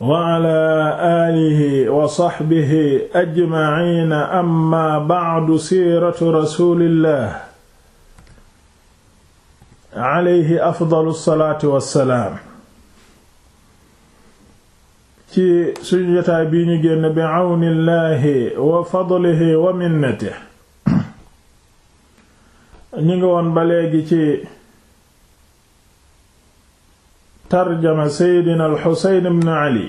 wa ala aalihi wa saxbihi ajmaciina amma bacdu siiratu rasuulillah alayhi afdalu salaatu wa salaam. ci suñu jotaay bii ñu génn bi cawni llaahi wa fadlihi wa minnatihi. ñu ngi woon ba léegi ci. tarjama seydina alxuseyn ibn ali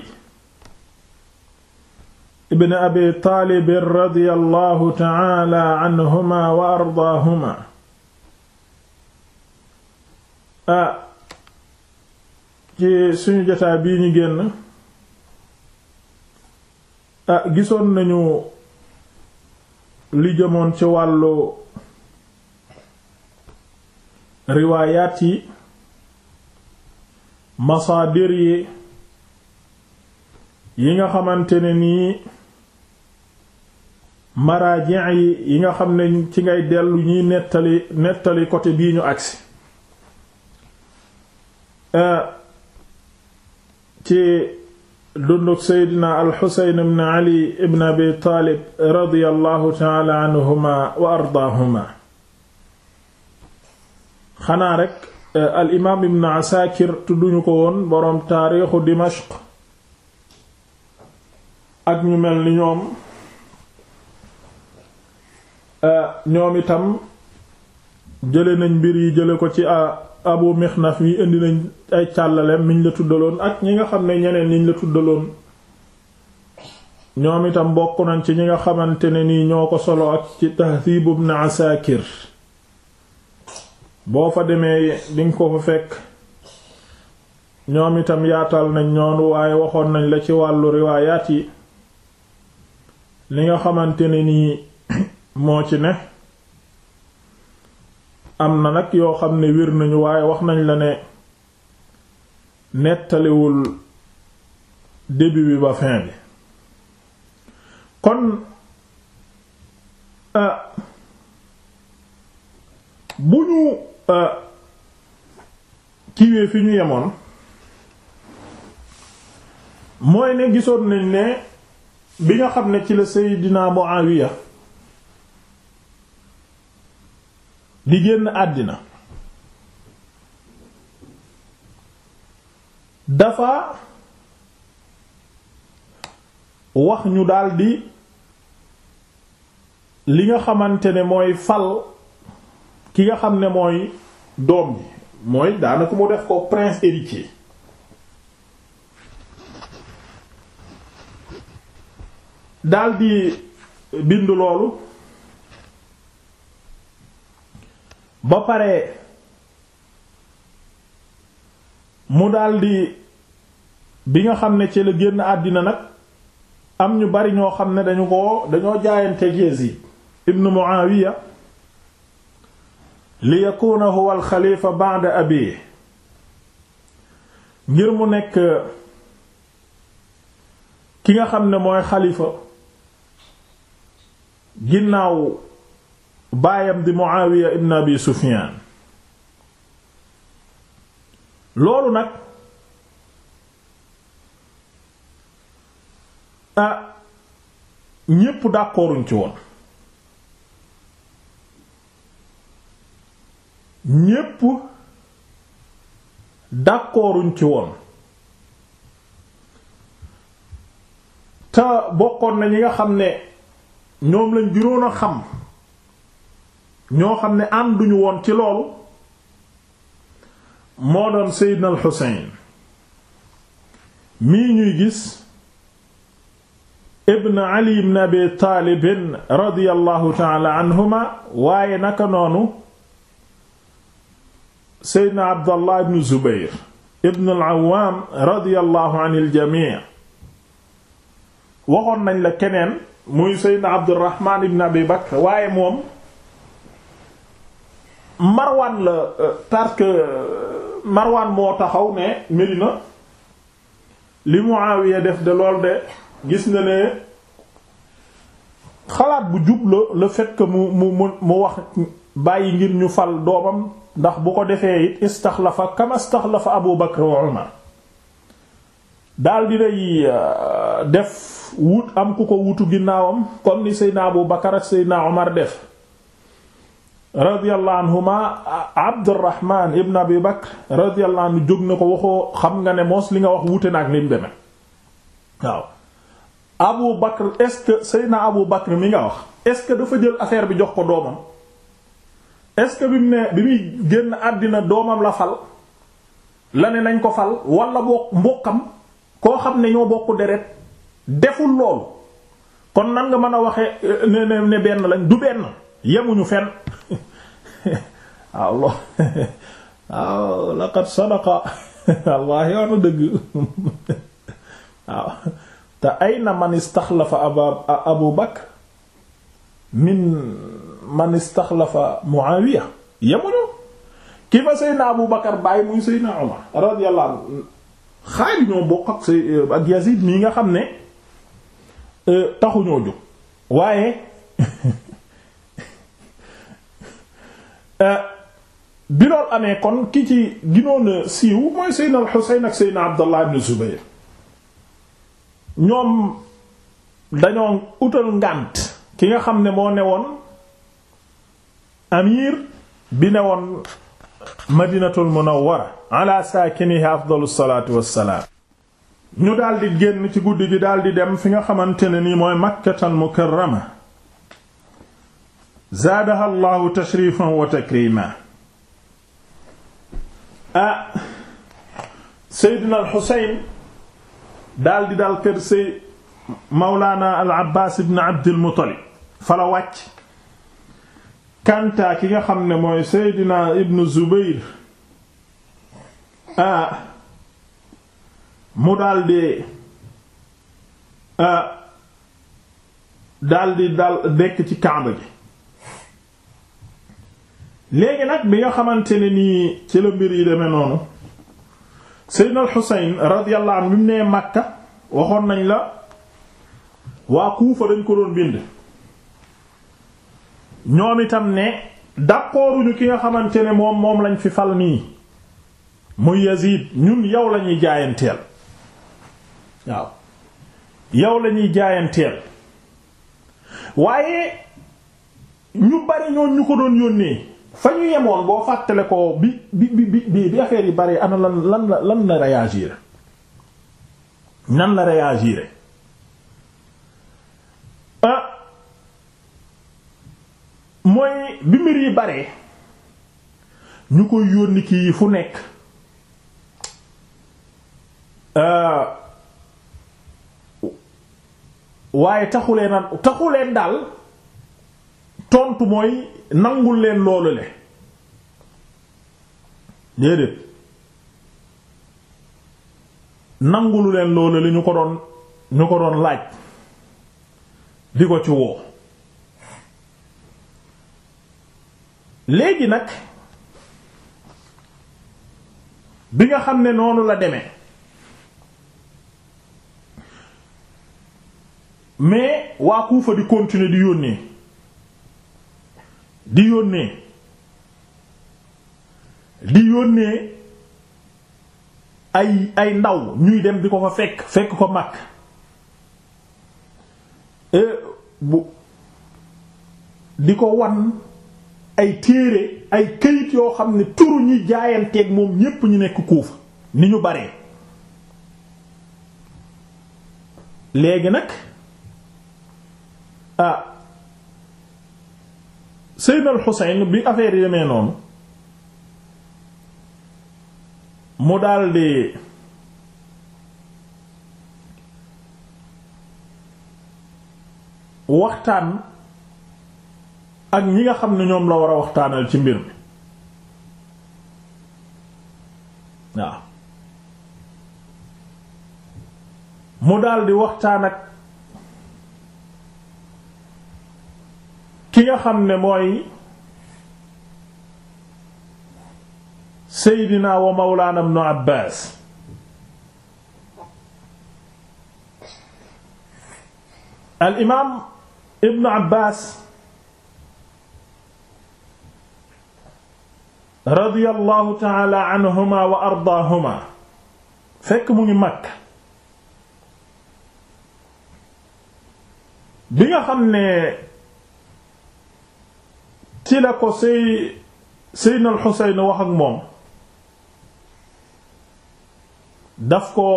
ibn abi taalib radiyallahu taala anhuma wa ardaahuma a ci suñu jotaa bii ñu génn a gisoon nañu li ci wàllu riwaayaat masaadir yi yi nga xamante ne nii maraaji yi yi nga xam ne ci ngay dellu ñuy nettali nettali côté bii ñu agsi euh, ci dundug seydina alxuseyn ibn ali ibn abi taalib radiyallahu taala anhuma wa ardaahuma xanaa rek Euh, al imaam ibn Asakir tudduñu ko woon boroom taarixu Dimashq ak ñu mel ni ñoom euh, ñoom itam jële nañ mbir yi jële ko ci euh, Abu Mixnaf yi indi nañ ay càllaleem miñ la tuddaloon ak ñi nga xam ne ñeneen ñiñ la tuddaloon ñoom itam bokk nañ ci ñi nga xamante ne nii ñoo ko solo ak ci Tahdiib ibn Asakir boo fa demee dinga ko fa fekk ñoom itam yaatal nañ ñoonu waaye waxoon nañ la ci wàllu riwaayaat yi li nga xamante ne nii moo ci ne am na nag yoo xam ne wér nañu waaye wax nañ la ne nettaliwul début bi ba fin bi kon euh, bu ñu Euh, kiiwee fi ñu yemoon mooy ne gisoon nañ ne bi nga xam ne ci la Seydina Muawiya di génn àddina dafa wax ñu daldi li nga xamante ne mooy fal ki nga xam ne mooy doom bi mooy daanaka mu def ko prince héritier daldi bindu loolu ba pare mu daldi bi nga xam ne ci la génn àddina nag am ñu bari ñoo xam ne dañu ko dañoo jaayante Yazid ibn Muawiya li yakuna huwa alxalifa ba'da abi ngir mu nekk ki nga xam ne mooy xalifa ginnaaw baayam di Muawiya ibn Abi Sufyan loolu nag a ah, ñépp d'accorduñ ci woon ñépp d'accorduñ ci woon te bokkoon na ñi nga xam ne ñoom lañ juróon a xam ñoo xam ne ànduñu woon ci loolu moo doon Seydina al mii ñuy gis ibn Ali ibn Abi Taalib radiyallahu taala anhuma waaye naka noonu seydna abdallah ibn zubayr ibn al-awwaam radiyallahu anil waxoon nañ la keneen muy seydna abdurrahmaan ibn abi bakr waaye moom marwaan la parce marwaan moo taxaw ne Medina li Muawiya def de lool de gis na ne xalaat bu jub la le fait mu mu mu wax bàyyi ngir ñu fal doomam ndax bu ko defee it istaxlafa kama istaxlafa Abu Bakr wa Umar daal di lay euh, def wut am ku ko wutu ginnaawam comme ni Seydina Abu Bakr ak Seydina Umar def radiyallahu anhuma Abdurrahman ibn Abi Bakr radiyallahu jóg na ko waxoo xam nga ne moos li nga wax wute na ak lim demee waaw Abu Bakr est-ce Abu Bakr mi nga wax est-ce que dafa jël affaire bi jox ko doomam est-ce que bi mu ne bi muy génn àddina doomam la fal la ne nañ ko fal wala bokk mbokkam koo xam ne ñoo bokk deret deful loolu kon nan nga mën a waxe euh, ne ne benn lañ du benn yemuñu fenn waaw lool waaw laqad sadaqa wallahi wax na dëgg waaw ah. te ayna man istaxlafa abu bakr min man istaxlafa Muawiya yemuñu ki fa Seydina Abu Bakar bàyyi muy Seydina Umar radiyallahu anhu xaaju ñoo bokk ak say euh, mii nga xam ne euh, taxuñoo jóg waaye euh, bi loolu amee kon ki ci ginoon siiw mooy Seydina al-Husayn ak Seydina Abdallah ibn Zubayr ñoom dañoo utal ngànt ki nga xam ne moo newoon amir bi ne woon madinatul munawwara ala saakinihi afdalu salaatu wassalaam ñu daldi génn ci guddi gi daldi dem fi nga xamante ne nii mooy makkatal mukarrama zaadaha allahu tashrifan wa takrima ah al xuseyn daldi dal kër sey mawlaana al abbaas ibn abdil muttalib fala wàcc kantaa ki nga xam ne mooy Seydina Ibn Zubayr ah mu daldi ah, daldi dal dekk ci Kaaba gi léegi nag bi nga xamante ne nii ci la mbir yi demee noonu Seydina al-Husayn radiyallahu anhu bi mu nee Makka waxoon nañ la waa Kuufa dañ ko doon bind ñoom itam ne d'accorduñu ki nga xamante ne moom moom lañ fi fal nii muy Yazid ñun yow lañuy jaayanteel waaw yow lañuy jaayanteel waaye ñu bari ñoon ñu ko doon yónnee fa ñu yemoon boo fàttale ko bi bi bi bi bi affaire yi bari ana lan lan la lan la réagir nan la réagir mooy bi mbir yi bare ñu koy yónni kii fu nekk euh, waaye taxuleen a taxuleen daal tontu mooy nangul leen loolu le déedéet nangulu leen loolu le ñu ko doon ñu ko doon laaj di ko ci woo léegi nag bi nga xam ne noonu la deme mais waa Kuufa di continuer di yónnee di yónnee di yónnee ay ay ndaw ñuy dem di ko fa fekk fekk ko mag euh, di ko wan ay téere ay këyit yoo xam ne turu ñi jaayanteeg moom ñépp ñu nekk kuufa ni ñu baree léegi nag a ah, Seydina al bi affaire yi noonu mu daldi waxtaan ak ñi nga xam ne ñoom la war a waxtaanal ci mbir mi waaw mu daldi waxtaan ak ki nga xam ne mooy Seydina wa Mawlana Ibn Abbas al imaam Ibn Abbas radiyallahu taala anhuma wa ardaahuma fekk mu ngi Makka bi nga xam ne ci ko sëy Seydina al-Xuseyn wax moom daf ko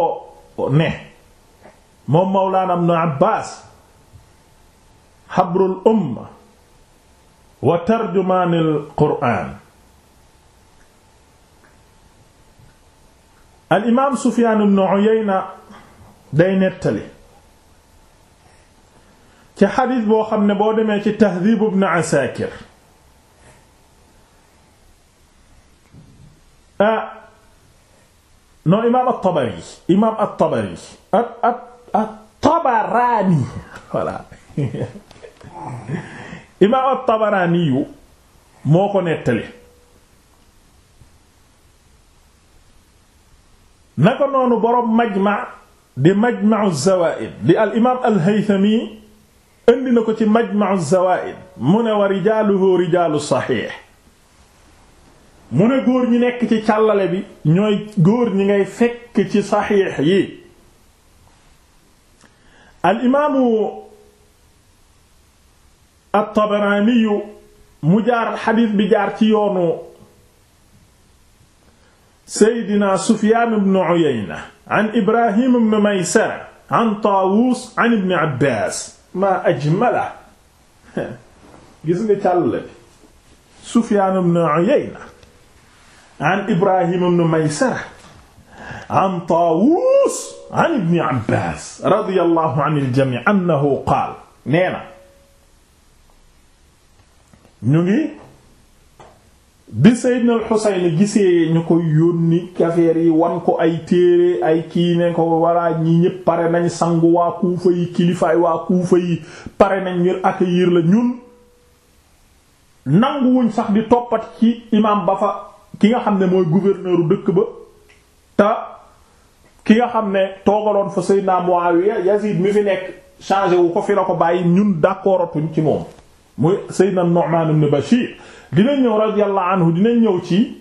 ne moom Mawlaana Ibnu Abbaas xabrul umma wa tarjumaanil Qur'aan al sufian Sufyaan ibn Uyayna day nettali ci xadiis boo xam ne boo demee ci Tahdiib ibn Asaakir ah non imaam at-Tabari imaam at-Tabari at at at-Tabaraani voilà imaam moo ko nettali. naka noonu boroom majma di majma'u zawaid di al imaam al na ko ci majma'u zawaid mu ne wa rijaaluhu rijaalu saxiix mu ne góor ñi nekk ci càllale bi ñooy góor ñi ngay fekk ci saxiix yi al imaamu mu jaar xadiis bi jaar ci yoonu seydina sufyaan ibn uyayna an ibrahim ibn maysara an taawus an ibn abbaas maa ajmala gis nga càll sufyaan ibn uyayna an ibrahim ibn maysara an taawus an ibn abbaas radiyallahu an al-jamii annahu qaal nee na ñu ngi bi Sayyidna al-Husayn gisee ñu koy yónni affaire yi wan ko ay téere ay kii ne ko walla ñi ñëpp pare nañ sangu waa Kuufa yi kilifaay waa Kuufa yi pare nañ ngir yiir la ñun nanguwuñ sax di toppat ci imam ba fa ki nga xam ne mooy gouverneur dëkk ba te ki nga xam ne toogaloon fa mois Muawiya Yazid mi fi nekk changé wu ko fi la ko bàyyi ñun d'accorduñ ci moom muy Seydina Nu'man ibn Bashir dinañ ñëw radiyallahu anhu ñëw ci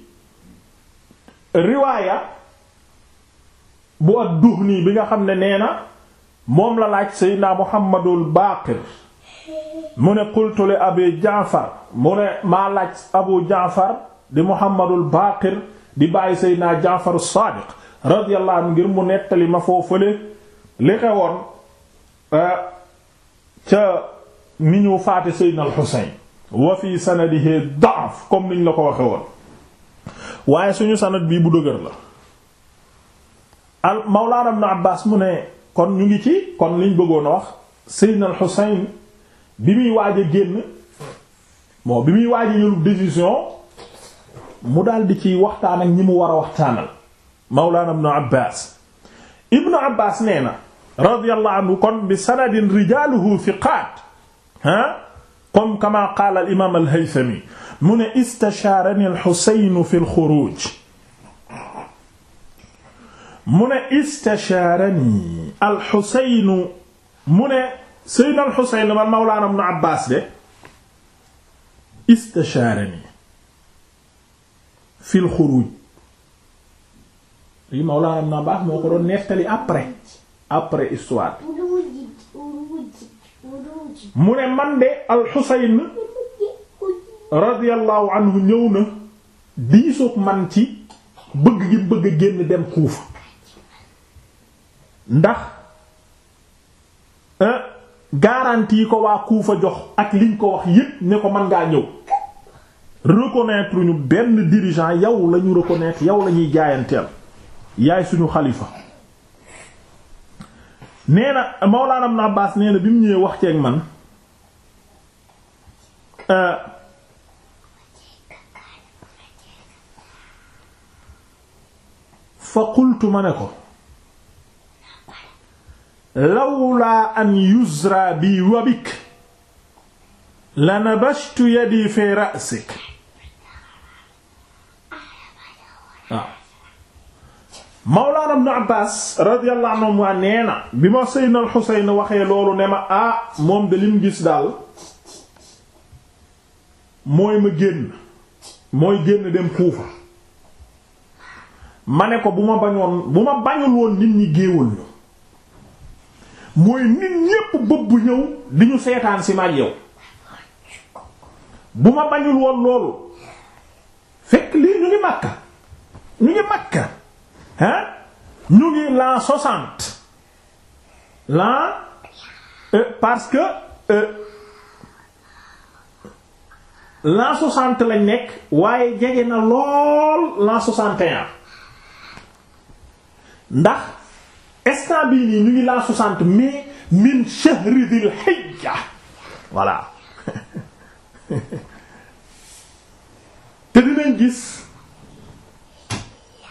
riwaaya bu ad-Duhni bi nga xam ne nee na moom la laaj Seydina Muhammadul Baqir mu ne qultu li Abi Jaafar mu ne maa laaj Abu Jaafar di Muhammadul Baqir di bàyyi Seydina Jaafar as-Sadiq ngir mu nettali ma foofu fële li xewoon eh, ca ni ñu faate Seydina al-Husayn wa fi la ko waxe woon waaye suñu sanad bii bu dëgër la al Mawlaana Ibn Abbaas mu ne kon ñu ngi ci kon liñ bëggoon a wax Seydina al-Husayn bi muy waaj génn bi muy waaj a décision mu daldi di ciy waxtaan ak ñi mu war a waxtaanal Mawlaana Ibn Abbaas Ibn Abbaas nee na radiyallahu anhu kon bi sanadin rijaaluhu thiqaat ah comme kama qaala al imaam al haythami mu ne istachaarani al xusayn fi al xuruj mu ne istachaarani al xusayn mu ne sayyidna al xusayn man mawlaana ibn abbas de istachaarani fi al xuruj li mawlaana ibn abbas moo ko doon nettali après après histoire bi mu ne man de alxusayn radiyallahu anhu ñëw na diisoog man ci bëgg gi bëgg génn dem Kuufa ndax garantie yi ko waa Kuufa jox ak liñ ko wax yépp ne ko mën ngaa ñëw reconnaître ñu benn dirigeant yow la ñu reconnaître yow la ñuy jaayanteel yaay suñu xalifa nee na Mawlaana Ibn Abbaas nee na bi mu ñëwee wax ceeg man euh, fa qultu ma ne ko lawlaa an yuzra bi wa bik la nabashtu yadi fi ra'sik Mawlaana Ibn Abbaas radiyallahu anhuma nee na bi ma Seydina Al-Xuseyn waxee loolu ne ma ah moom de lim gis daal mooy ma génn mooy génn dem Kuufa ma ne ko bu ma bañoon bu ma bañul woon nit ñi géewal ñu mooy nit ñépp bëbb ñëw di ñu seetaan si ma bu ma bañul woon loolu fekk lii ñu ngi Makka ñu ngi Makka hein ñu ngi l'an l'an euh, parce que euh, l'an lañ nekk waaye jege na lool l'an soixante et ndax instant bii nii ñu ngi l'an soixante mais min shahri dil hijja voilà te dinañ gis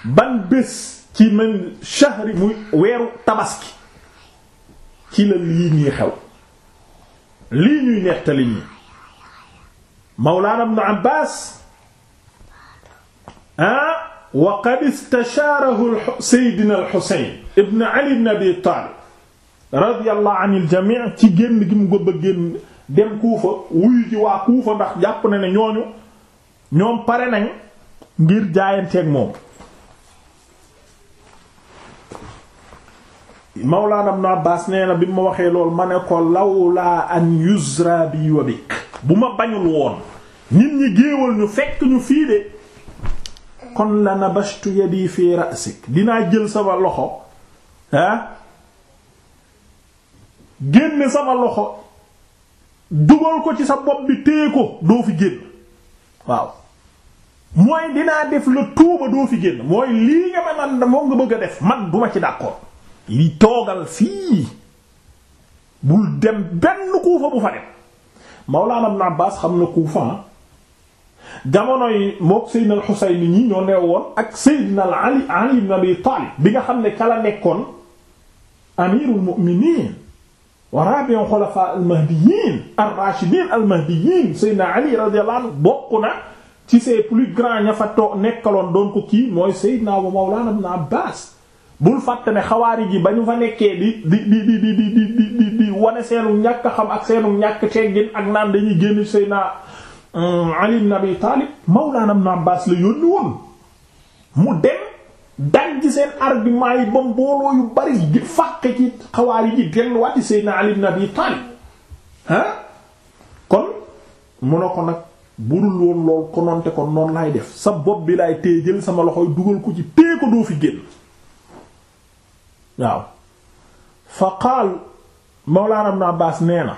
ban bés ci même shahri weeru tabaski ci la lii ñuy xew lii ñuy nettali ñi mawlaana ibn Abbaas ah wa qad istachaarahu Seydina al-Xuseyn ibn Ali ibn Abi Taalib radiyallahu anil jamii ci génn gi mu ko bëgg dem Kuufa wuyu ji waa Kuufa ndax jàpp na ne ñooñu ñoom pare nañ ngir jaayanteeg moom Mawlaana Ibn Abbaas nee na bi ma waxee loolu ma ne ko lawlaa an yuzra bi wa bik bu ma bañul woon nit ñi géewal ñu fekk ñu fii de kon la nabastu yadi fi ra'sik dinaa jël sama loxo ah génne sama loxo dugal ko ci sa bopp bi téye ko doo fi génn waaw mooy dinaa def la tuuba doo fi génn mooy lii nga ma man moom nga bëgg a def man bu ma ci d'accord yi toogal fii bul dem benn kuufa bu fa dem Mawlaana Ibn Abbaas xam na kuufa jamono yi mook Seydina al-Husayn ñi ñoo neew woon ak Seydina Ali Ali Abi Taalib bi nga xam ne kala nekkoon amirul mu'minin wa rabi'u xulafa al-mahdiyyin ar-rashidin bokk na ci ses plus grands ña fa toog nekkaloon doon ko kii mooy Seydina wa Mawlaana Ibn Abbaas bul fàtte ne xawaari ji ba ñu fa nekkee di di di di di di wane seenu ñàkk xam ak seenu ñàkk teggin ak naan dañuy génn Seydina euh, Ali ibn Abi Taalib Mawlaana Ibn Abbaas la yónni woon mu dem dajji seen argument yi ba mbooloo yu bari di ci xawaari ji delluwaat ci Seydina Ali ibn Taalib ah kon mu ne ko nag budul woon lool kononte ko noonu laay def sa bopp bi laay téye jël sama loxo yi dugal ko ci téye ko doo fi génn. waaw fa qaal mawlaana ibn Abbaas nee na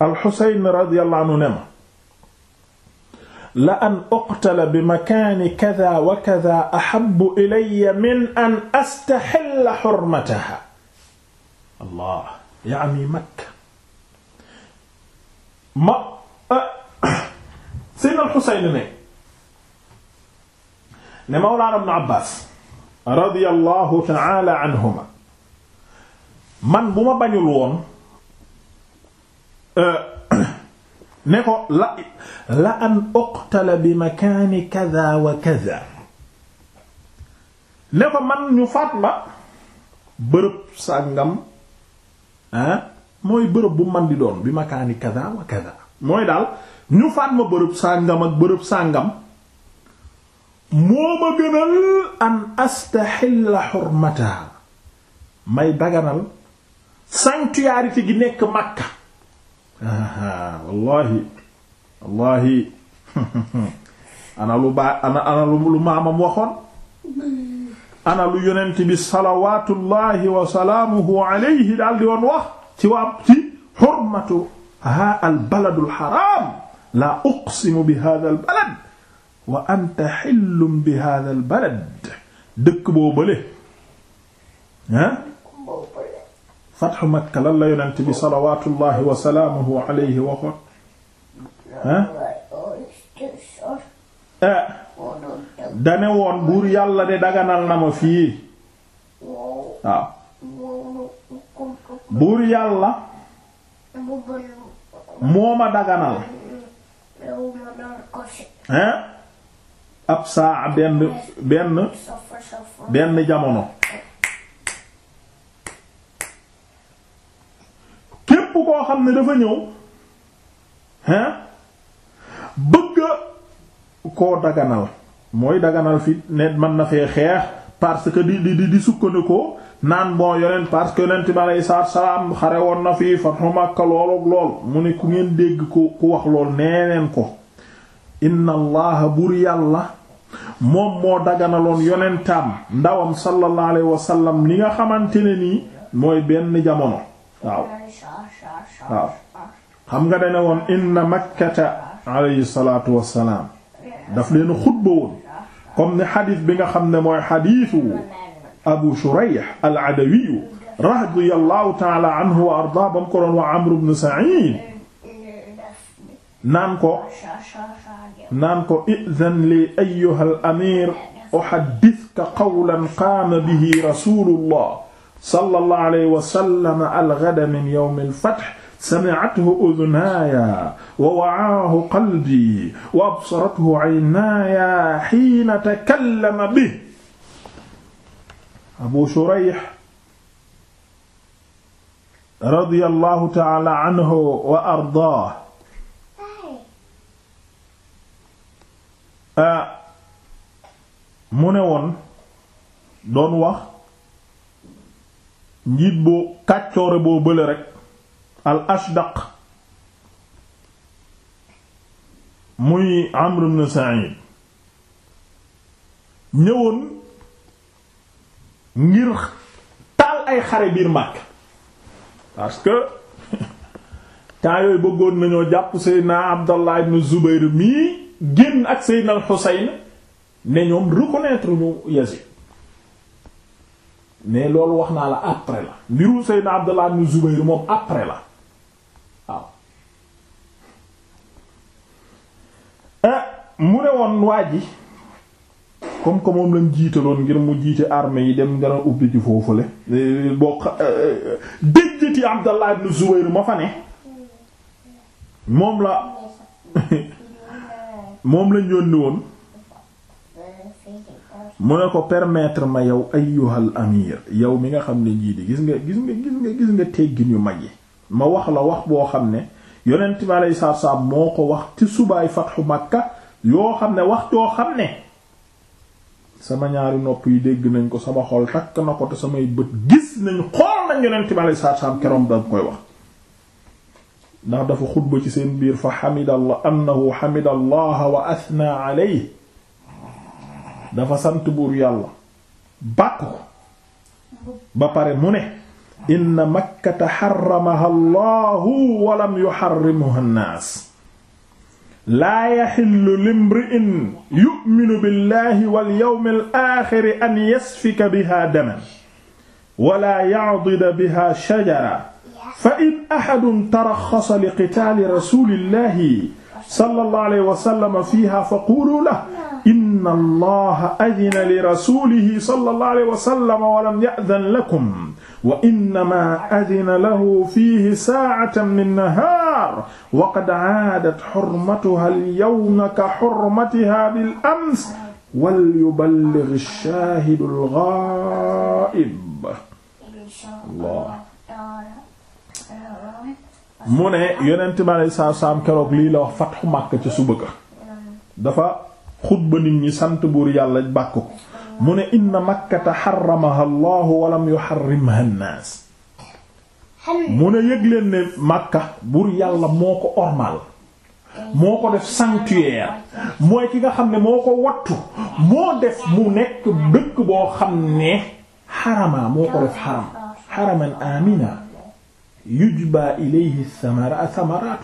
alxusayn radiyallahu anhu ne ma la an uqtala bi makaani kadaa wa kadaa ahabbu ilayya min an astaxilla xurmataha allah yaa ami Makka ma sayyidna alxusayn ne ne mawlaana ibn Abbaas radiyallahu ta'ala anhuma man bu ma bañul woon euh, ne ko la la an uqtala bi makaani kaza wa kaza ne ko man ñu faat ma bërëb sàngam ah mooy bërëb bu man di doon bi makaani kaza wa kaza mooy daal ñu faat ma bërëb sàngam ak bërëb sàngam moo ma gënal an astaxilla xurmataha may daganal sanctuarité gi nekk Makka aa wallahi wallahi ana lu baa ana ana lu maamam waxoon ana lu yonent bi salawatullahi wa salaamuhu alayhi daal di woon wax ci waa ci xurmatu ha al baladu al xaram la uqsimu bi hadha al balad wa anta xillum bi hada al balad dëkk boo bële ah fatxu makka lan la yonent bi salawatullahi wa salaamuhu alayhi waxoon ah dane woon buur yàlla de daganal na ma fii waaw buur yàlla moo ma daganal hein ab saa benn benn benn jamono képp koo xam ne dafa ñëw hein bëgga koo daganal mooy daganal fi ne mën na fee xeex parce que di di di sukkandikoo naan bon yonent parce que yonent bi aleyhi salaatu salaam xare woon na fii fathu Makka loolu lool mu ne ku ngeen dégg ku ku wax lool nee neen ko inna allaha yàlla moom moo daganaloon yonentaam ndawam sallallahu alayhi wa li nga xamante ne nii mooy benn jamono waaw xam nga dane woon inna makkata alayhi salaatu wassalaam daf leen xutba woon comme ni xadiis bi nga xam ne mooy xadiisu abu shurayh al adawiyu radiyallahu taala anhu wa arda bam ko doon wa amru ibn sa'id naan ko naan ko izan li ayyuhal amir uhaddithuka qawlan qaama bihi rasulullah sallallahu alayhi wa sallam alghada min yawm al-fath sami'athu udhunaaya wa wa'aahu qalbi wa absarathu 'aynaaya hiina takallama bihi Abu Shurayh radiyallahu ta'ala anhu wa ardaahu Euh, mu ne woon doon wax njiit boo kàccoore boo bële rek al ashdaq muy amr ibn sa'id ñëwoon ngir taal ay xare biir màkk parce que temps bëggoon nañoo jàpp seydna abdallah ibn zubayr mii génn ak Seydina Al-Husayn ne ñoom reconnaître ñu Yazid mais loolu wax naa la après la mbiru Seydina Abdallah ibn Zubayr moom après la waaw ah, mu ne woon waa ji comme que moom lañ jiitaloon ngir mu jiite armée yi dem dana ubbi ci foofule eh, boo eh, eh, déjjati Abdallah ibn Zubayr ma fa ne moom la moom lañ yónni woon mu ne ko permettre ma yow ayyuhal amir yow mi nga xam ne jii di gis nga gis nga gis nga gis nga teggin yu mag yi ma wax la wax boo xam ne yonent bi aleyhi moo ko wax ci subaay fatxu makka yoo xam ne wax joo xam ne sama ñaari nopp yi dégg nañ ko sama xol takk na ko te samay bët gis nañ xool nañ yonent bi aleyhi keroom danga koy wax ndax dafa xutba ci seen biir fa xamidallah annahu xamidallaha wa athna alayhi dafa sant buur yàlla bàkk ko ba pare mu ne inna makkata xaramaha allahu wa lam yuxarrimuha nnaas laa yaxillu limri'in yu'minu billahi wal yawmil aaxiri an yasfika biha daman wala ya'dida biha shajara fa in ahadun taraxxasa li qitaali rasulillahi sallallahu alayhi wa sallam fiiha faqulu lahu inna allaha adina li rasulihi sallallahu alayhi wa sallam wa lam ya'dan lakum wa innama adina lahu fiihi saa'atan min nahaar wa qad 'aadat hurmatuha al-yawma ka hurmatiha bil-ams walyuballigh ash-shaahidu al-ghaa'ib Allah mu ne yonent mi aleyhi salaatu keroog lii la wax fatxu Makka ca suba ka dafa xutba nit ñi sant buur yàlla bàkk mu ne inna makkata xaramaha allahu walam yuxarrimha an-naas mu ne yëg leen ne buur yàlla moo ko ormal moo ko def sanctuaire mooy ki nga xam ne moo ko wattu moo def mu nekk dëkk boo xam ne xaramaa moo ko def xaram xaraman amina yujba ilayhi samara samarat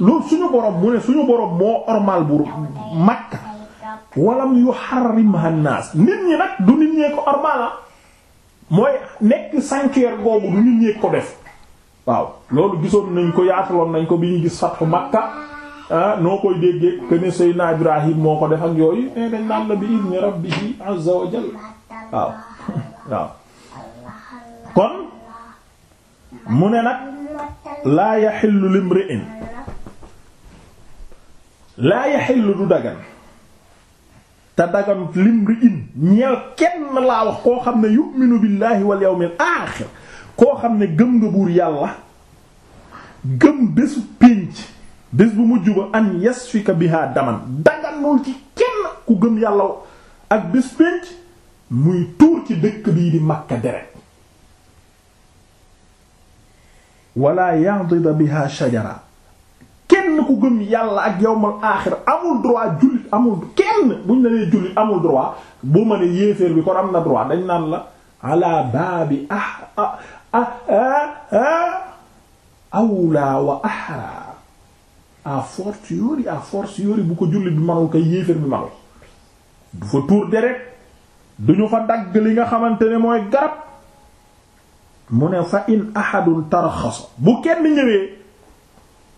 loolu suñu borom mu ne suñu borom moo ormal bu Makka walam yuharrimha an-nas nit ñi nag du nit ñee ko ormala ah. mooy nekk sanctuaire googu du nit ñee ko def waaw loolu gisoon nañ ko yaataloon nañ ko bi ñu gis fatxu Makka ah, noo koy déggee que ne Seydina Ibrahim moo ko def ak yooyu nee nañ naan la bi idni rabbihi azza wa jalla waaw waaw kon. mu ne nag laa yaxillu limri'in laa yaxillu du dagan te daganut limri'in ñeel kenn laa wax koo xam ne yu'minu billaahi wal yawmil aaxir koo xam ne gëm nga buur yàlla gëm bésu pénc bés bu mujj ba an yasfika biha daman daganul ci kenn ku gëm yàlla ak bés pénc muy tuur ci dëkk bii di Makka deret wala yadida biha shajara kenn ku gëm yàlla ak yawmal aaxira amul droit jullit amul kenn buñ la nee jullit amul droit bu ma ne yéeféer bi kon am na droit dañ naan la ala baabi ah ah ah, ah, ah awla wa ahra à force yori à force yori bu ko jullit bi manul kay yéeféer bi manul du fa tuur deret duñu fa dagg li nga xamante ne mooy garab mu ne fa in ahadun taraxasa bu kenn ñëwee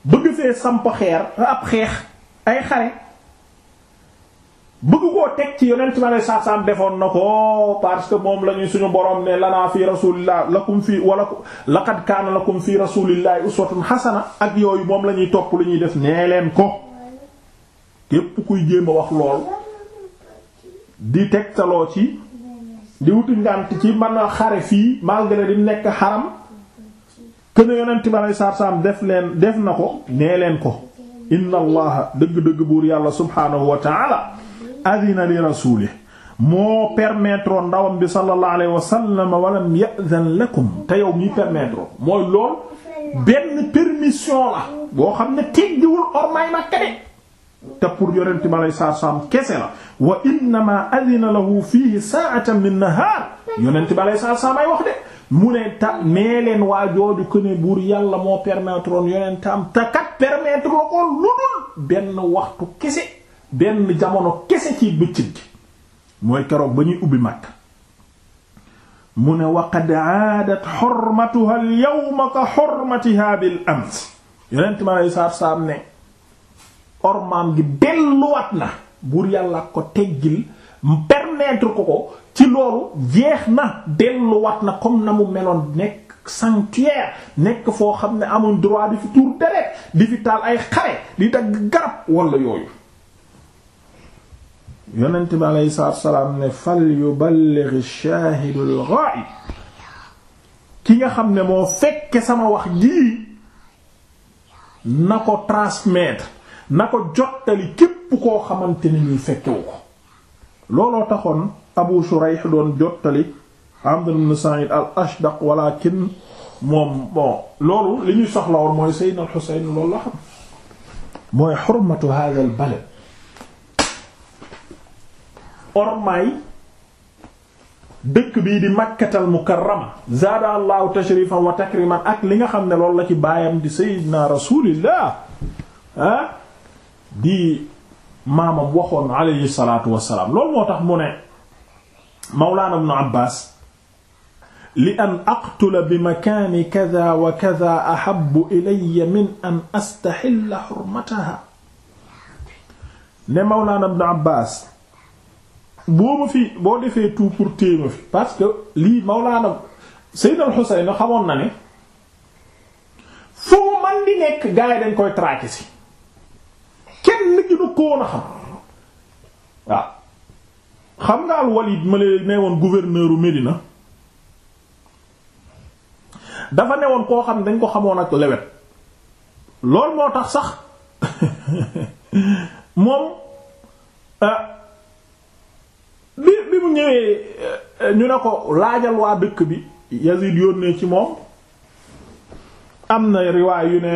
bëgg fee samp xeer ab xeex ay xare bëgg koo teg ci yonent ma lay saasaan defoon na ko parce que moom la ñuy suñu borom ne lanaa fi rasulillah lakum fi wala la kaana lakum fi rasulillahi uswatun hasana ak yooyu moom la ñuy topp lu ñuy def nee leen ko képp kuy jéem a wax lool di tegtaloo ci di wuti ngànt ci mën a xare fii malgré di nekk xaram kën a yonent ba lay def leen def na ko nee leen ko inna allaha dëgg-dëgg buur yàlla subhaanahu wa taala adina li rasulih moo permettre ndawam bi sallallahu alayhi wa sallam walam ya'zan lakum te yow mi permettre mooy lool benn permission la boo xam ne teggiwul ormaay Makka de te pour yonent bi aleyhi salaatu wa salaam kese la wa innama adina lahu fiihi saa'atan min nahaar yonent bi aleyhi ay wax de mu ne ta nee waa jooju que ne buur yàlla moo permettre woon yonentam te kat permettre lu dul benn waxtu kese benn jamono kese ci bëccëg gi mooy keroog ba ñuy ubbi Makka mu ne wa aadat xormatuha al ka xormatiha bil ormaam gi delluwaat na buur yàlla ko teggil permettre ko ko ci loolu jeex na delluwaat na comme na mu meloon nekk sanctuaire nekk foo xam ne amul droit di fi tuur deret di fi taal ay xare di dagg garab wala yooyu yonent bi aleyhi salaam ne fal yuballigh shahidul ghaib ki nga xam ne moo fekke sama wax jii na ko transmettre na ko jottali képp koo xamante ni ñuy fekkewu ko looloo taxoon Abu Shurayh doon jottali Amr ibn al-Ashdaq walakin moom bon loolu li ñuy soxla woon mooy Sayyidna al-Husayn loolu la xam mooy xurmatu hadha al-balad dëkk bii di Makkatal Mukarrama zaada allahu wa takriman ak li nga xam ne loolu la ci baayam di Sayyidna Rasulillah ah, di maamam waxoon alayhi salaatu wassalaam loolu moo tax mu ne mawlaana ibnu abbaas li an aqtula bi makaani kada wa kada ahabbu ilayya min an astaxilla xurmataha ne mawlaana ibnu abbaas boo fi boo defee tout pour fi parce que lii mawlaana seydna al xuseyn xamoon na ne foo man di nekk gaa yi dañ kenn ginu ko woon a xam waaw xam nga al Walid ma lee nee woon gouverneur u dafa ne woon koo xam ne dañ ko xamoon ak lewet lool moo tax sax moom euh, bi bi mu ñëwee euh, ñu ne ko laajal waa dëkk bi Yazid yónnee ci moom am na riwaay yu ne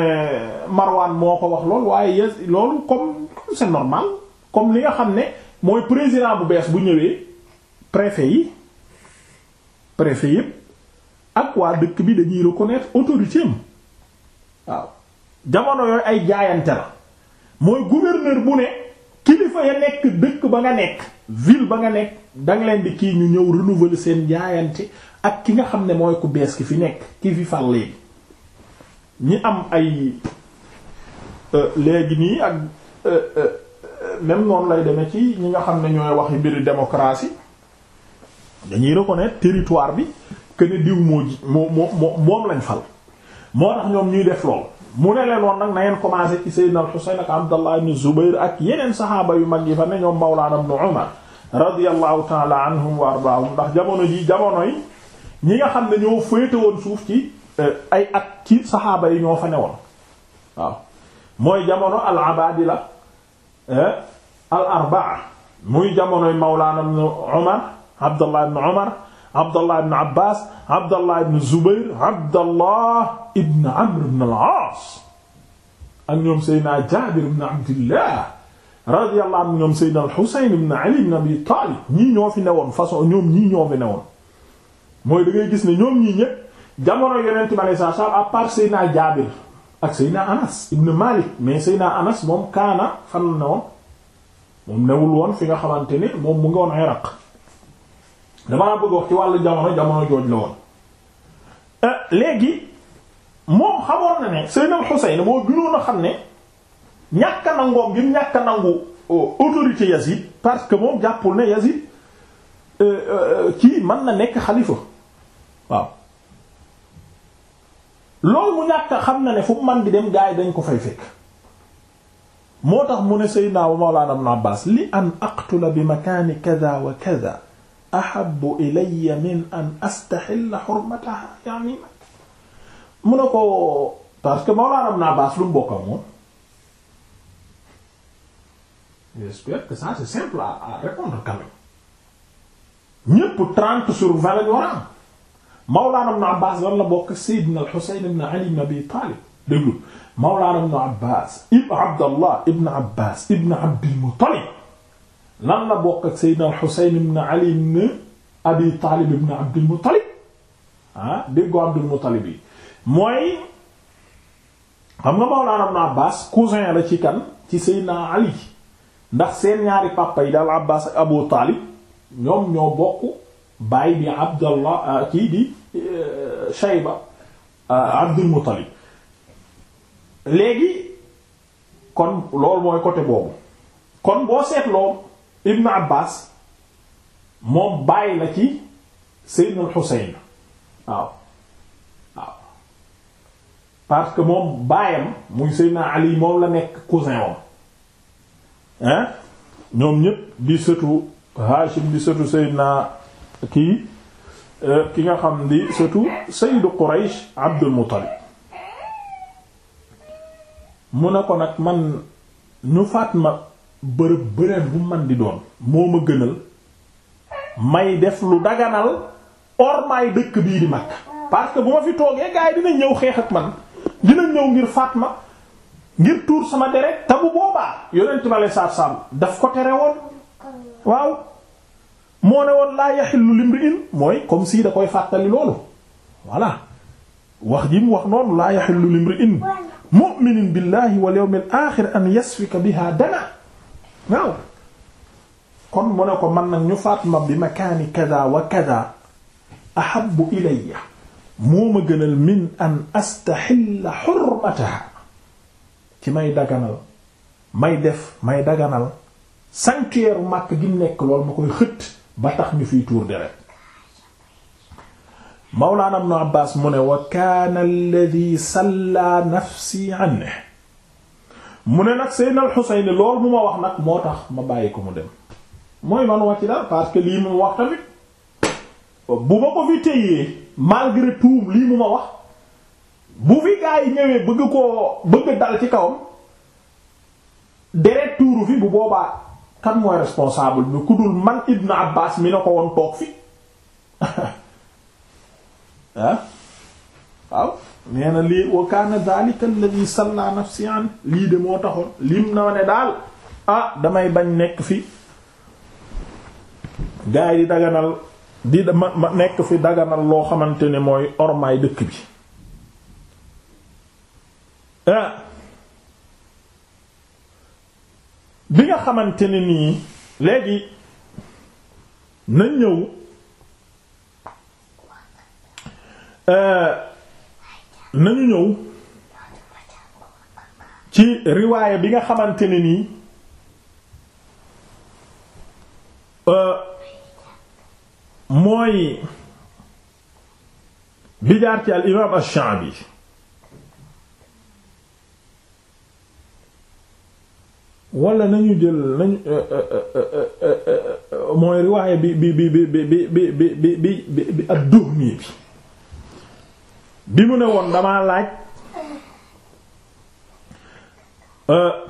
Marwan moo ko wax lool waaye yes loolu comme c'est normal comme li nga xam ne mooy président bu bees bu ñëwee préfet yi préfet yëpp ak waa dëkk bi dañuy reconnaître autorité am waaw jamono yooyu ay jaayante la mooy gouverneur bu ne kilifa ya nekk dëkk ba nga nekk ville ba nga nekk danga leen di kii ñu ñëw renouveler seen jaayante ak ki nga xam ne mooy ku bees ki fi nekk ki fi fàllee ñi am ay euh, léegi nii ak euh, euh, même noonu lay demee ci ñi nga xam ne ñooy waxi mbiri démocratie dañuy reconnaître territoire bi que ne diw moo ji moo moo moom lañ fal moo tax ñoom ñuy def lool mu ne leen woon nag na ngeen commencé ci Sayyidna al-Husayn ak Abdallah ibn Zubayr ak yeneen saxaaba yu mag yi fa ne ñoom Mawlana ibn Umar radiyallahu ta'ala anhum wa ardaahum ndax jamono ji jamono yi ñi nga xam ne ñoo féete woon suuf ci Euh, ay at ci saxaaba yi ñoo fa newoon waaw mooy jamono al abadila eh, al arbaa muy jamonoy mawlaana ibn Umar Abdallah ibn Umar Abdallah ibn Abbas Abdallah ibn Zubayr Abdallah ibn Amr ibn al-Aas ak ñoom Seydina Jaabir ibn Abdillah radiyallahu anhu ñoom Seydina al-Husayn ibn Ali ibn Abi Talib ñii ñoo fi newoon façon ñoom ñii ñoo fi newoon mooy da ngay gis ne ñoom ñii ñépp jamono yonent ma saa saa à part Seyna Jaabir ak Seyna Anas ibn Malik mais Seyna Anas moom kaana fan na woon moom newul woon fi nga xamante ni moom mu ngi woon Iraq damaa bëgg wax ci wàllu jamono jamono jooj la woon. Euh, léegi moom xamoon na ne Seyna Xuseyn moo gënoon a xam ne ñàkk a nangoom ngir ñàkk a nangu euh, autorité Yazid parce que moom jàppul ne Yazid euh, kii mën na nekk xalifa waaw. loolu mu ñàkk xam na ne fu man di dem gaa yi dañ ko fay moo tax mu ne Seydina wa Mawlana Ibn Abbas li an aqtula bi ma kaani wa kada ahabbu ilayya min an astaxilla xurmataha yaani mu ne lu mu bokk ak moom j'espère que ça c'est simple à répondre quand même sur vingt la ñu Mawlaana ibn Abbaas lan la bokk Seydina al-Husayn ibn Ali ibn Abi Taalib déglu Mawlaana ibn Abbaas ibn Abdallah ibn Abbaas ibn Abdil Muttalib lan la bokk ak Seydina al-Husayn ibn Ali ibn Abi Taalib ibn Abdil Muttalib ah déggoo Abdil Muttalib yi mooy xam nga Mawlaana ibn Abbaas cousin la ci kan ci Seydina Ali ndax seen ñaari papa yi daal Abbaas ak Abu Taalib ñoom ñoo bokk. baay bi abdallah ah, kii di eh, shayba ah, abdul muttalib léegi kon loolu mooy côté boobu kon boo seetloo ibnu abbas moom bàyyi la ci seydna al parce que moom baayam muy seydna ali moom la nekk cousin wam ñoom ñépp di sëtu haashim di sëtu seydna kii euh, ki nga xam ni surtout sayyidu Quraysh Abdul Muttalib mu ne ko nag man ñu faat ma bërëb bëreen bu man di doon moo ma gënal may def lu daganal ormaay dëkk bii di mag parce que bu ma fi toogee gars yi dinañ ñëw xeex ak man dina ñëw ngir faat ma ngir tuur sama deret te bu boobaa yonent ma leen saab saab daf ko tere woon waaw moo ne woon laa yaxillu limri in mooy comme si da koy fàttali loolu voilà wax ji mu wax noonu laa yaxillu limri in mu'minin billahi wal yawmil axir an yasfika biha dama waaw kon mu ne ko man nag ñu faat ma bi makaani kada wa kada ahabbu ilayya moo ma gënal min an astaxilla xurmataha ci may daganal may def may daganal sanctuaire màkk gi nekk loolu ma koy xëtt ba tax ñu fi tuur deret mawlaana ibnu abbaas mu ne wa kaana alladi salla nafsi anhu mu ne nag seydna alxuseyn loolu mu ma wax nag moo tax ma bàyyi ko mu dem mooy manuma ci daal parce que lii mu wax tamit bu ma ko fi téyee ma wax bu fi gaa yi ñëwee bëgg ko bëgg dal ci kaw deret tuuru fi bu boobaa kan mooy responsable bi ku dul man Ibn Abbas mi na ko woon toog fi ah? waaw nee lii wa kaana dhalika alladhi salla nafsi lii de moo taxoon lim na ne daal ah damay bañ nekk fi gaay di daganal di ma nekk fi daganal loo xamante ne mooy ormaay dëkk bi ah. bi nga xamante ne nii léegi na ñëw euh, nañu ñëw ci riwaaya bi nga xamante ne nii euh, mooy bi jaar ci al imaam ash-Sha'bi wala nañu jël nañu mooy riwaaya bi bi bi bi bi bi bi bi bi bi bi ab bi bi mu ne woon damaa laaj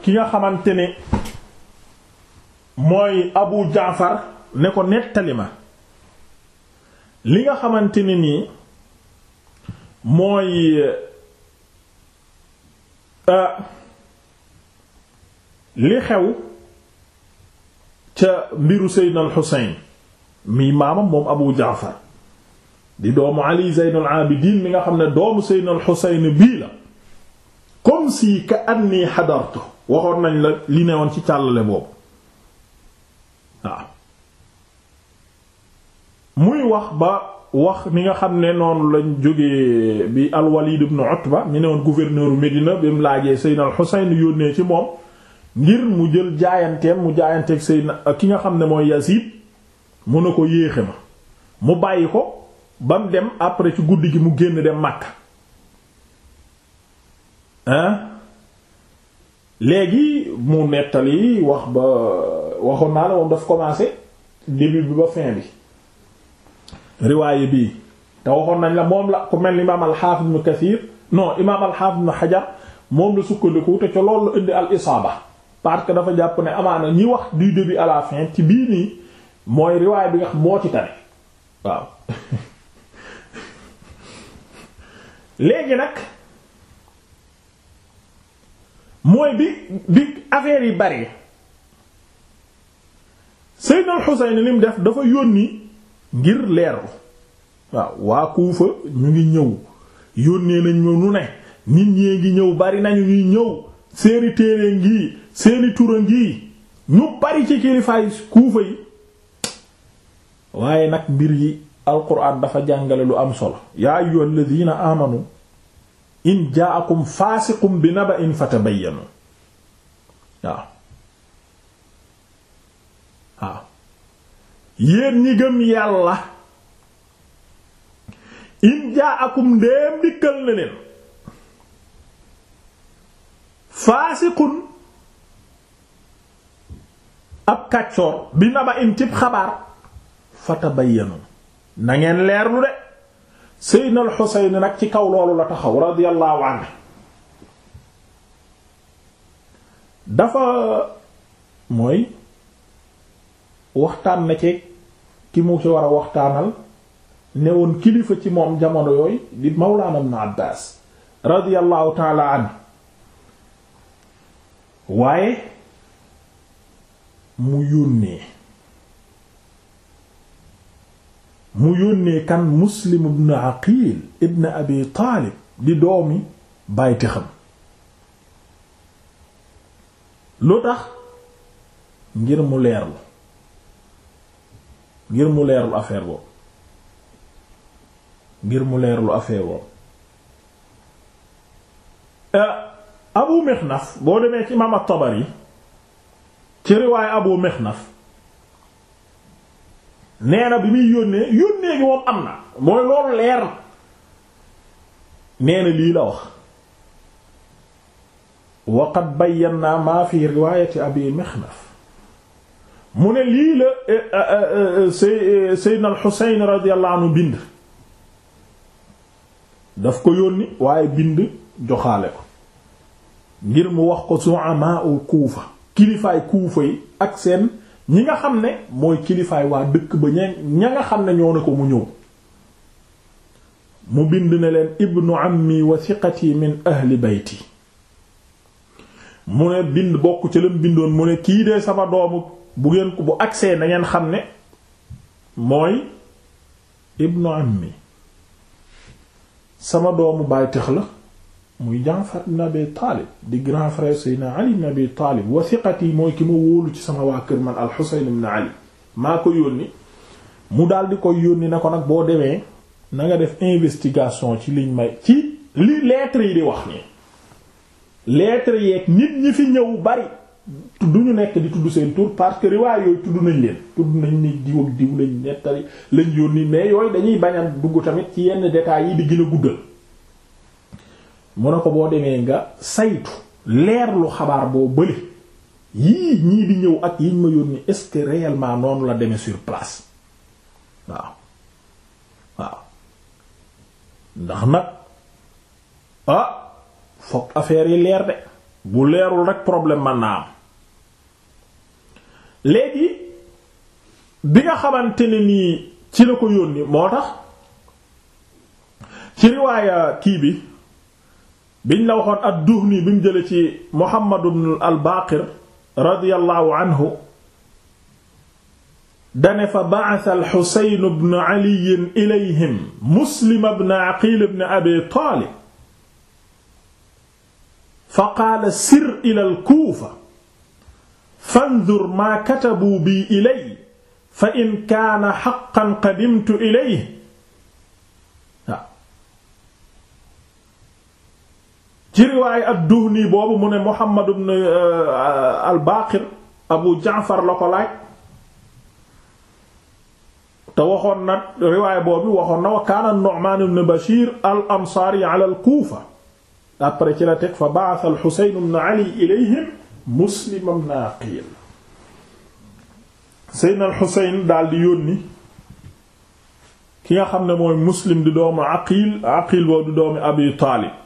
ki nga xamante ne mooy Abu Jaafar ne ko nettali ma li nga xamante ni nii mooy li xew ca mbiru Seydina al Xuseyn mi maamam moom Abu Jaafar di doomu Ali Zeynul Abidin mi nga xam ne doomu Seydina al Xuseyn bii la kon si ka anni xadartu waxoon nañ la li newoon ci càllale boobu waaw muy wax ba wax ni nga xam ne noonu lañ jóge bi al Walid ibn Utba mi newoon gouverneur u Médina bi mu laajee Seydina al Xuseyn yónnee ci moom ngir mu jël jaayanteem mu jaayanteeg Seydina ki nga xam ne mooy Yazid mu ne ko yéexe ma mu bàyyi ko ba mu dem après ci guddi gi mu génn dem Makka léegi mu nettali wax ba waxoon naa la moom daf commencé début bi ba fin bi riwaaye bii te waxoon nañ la moom la ku mel ni imaam al-Hafiz Ibn Kathir non imaam al-Hafiz Ibn Hajar moom la sukkandiku te ca loolu indi al isaaba parce que dafa jàpp ne amaana ñi wax du début à la ci biir nii mooy riwaay bi nga moo ci tane waaw léegi nag mooy bi bi affaire yi bari Seydina Al-Husayn li mu def dafa yónni ngir leerlu waaw waa Kuufa ñu ngi ñëw yónnee nañ ma nu ne nit ñee ngi ñëw bari nañu ñuy ñëw seeni téere ngii seeni tura ngii ñu bari ci kilifaay kuufa yi waaye nag mbir yi alquran dafa jàngale lu am solo yaa ayyuhal ladina amanu in jaakum faasiqum bi naba'in fatabayyanu waaw waaw yéen ñi gëm yàlla in jaakum ndéem dikkal na leen faasiqun ab kàccoor bi naba in cib xabaar fatabayyanu na ngeen leerlu de Seydina al nag ci kaw loolu la taxaw radiyallahu anhu dafa mooy waxtaan na ceeg ki mu ci war a waxtaanal ne woon kilifa ci moom jamono yooyu di mawlaana ibn Abbaas radiyallahu ta'ala anhu waaye mu yónnee mu yónnee kan muslim ibn aqil ibn abi taalib di doomi bàyti xam lu tax ngir mu leerlu ngir mu leerlu affaire boobu ngir mu leerlu affaire boobu ah, abu mixnaf boo demee ci imaam at-Tabari ci riwaay abu mixnaf nee na bi muy yónnee yónnee gi moom am na mooy loolu leer nee na lii la wax wa qad bayyana maa fi riwaayati abi mixnaf mu ne lii la eh, eh, eh, say sayyidna al-Husayn radiyallahu bind daf ko yónni waaye bind joxaale ko ngir mu wax ko su'amaa'ul kuufa kilifaay kuufa yi ak seen ñi nga xam ne mooy kilifaay waa dëkk ba ña ña nga xam ne ñoo ne ko mu ñëw mu bind ne leen ibnu ammi wa thiqati min ahli bayti mu ne bind bokk ca lam bindoon mu ne kii dee sama doomu bu ngeen ko bu agsee na ngeen xam ne mooy ibnu ammi sama doomu baay tëx la muy Jaafar ibn Abi Taalib di grand frère Seydina Ali ibn Abi Taalib mooy ki ma wóolu ci sama waa kër man al-Husayn ibn Ali maa ko yónni mu daal di koy yónni na ko nag boo demee na nga def investigation ci liñ may ci li lettres yi di wax nii lettres yeeg nit ñi fi ñëw bari du ñu nekk di tudd seen tur parce que riwaay yooyu tudd nañ leen tudd nañ ni diw ak diw lañ nettali lañ yónni mais yooyu dañuy bañ a tamit ci yenn détails yi di gën a mu ne ko boo demee nga saytu leerlu xabaar boo bële yii ñii di ñëw ak yiñ ma yónni est-ce noonu la demee sur place waaw waaw ndax nag ah, fokk affaire yi leer de bu leerul rek problème man naa am léegi bi nga xamante ne nii ci la ko yónni moo tax ci riwaaya kii bi biñ la waxoon ad-Duhni bi mu jële ci Muhammad ibn al-Baqir radiyallahu anhu dane fa ba'atha al-Husayn ibn Ali ilayhim Muslim ibn Aqil ibn Abi Talib fa qaala sir ila al-Kufa fanzur ma katabu bi ilay fa in kaana haqqan qadimtu ilayhi ci riwaay ad-Duhni boobu mu ne Muhammad ibn euh, euh, al-Baqir Abu Ja'far la ko laaj te waxoon na riwaay boobu waxoon na wa kaana Nu'man ibn Bashir al-Ansari ala al-Kufa après ci la teg fa ba'atha al-Husayn ibn Ali ilayhim Muslim ibn Aqil Seydina al-Husayn daal di yónni ki nga xam ne mooy Muslim di doomu Abi Talib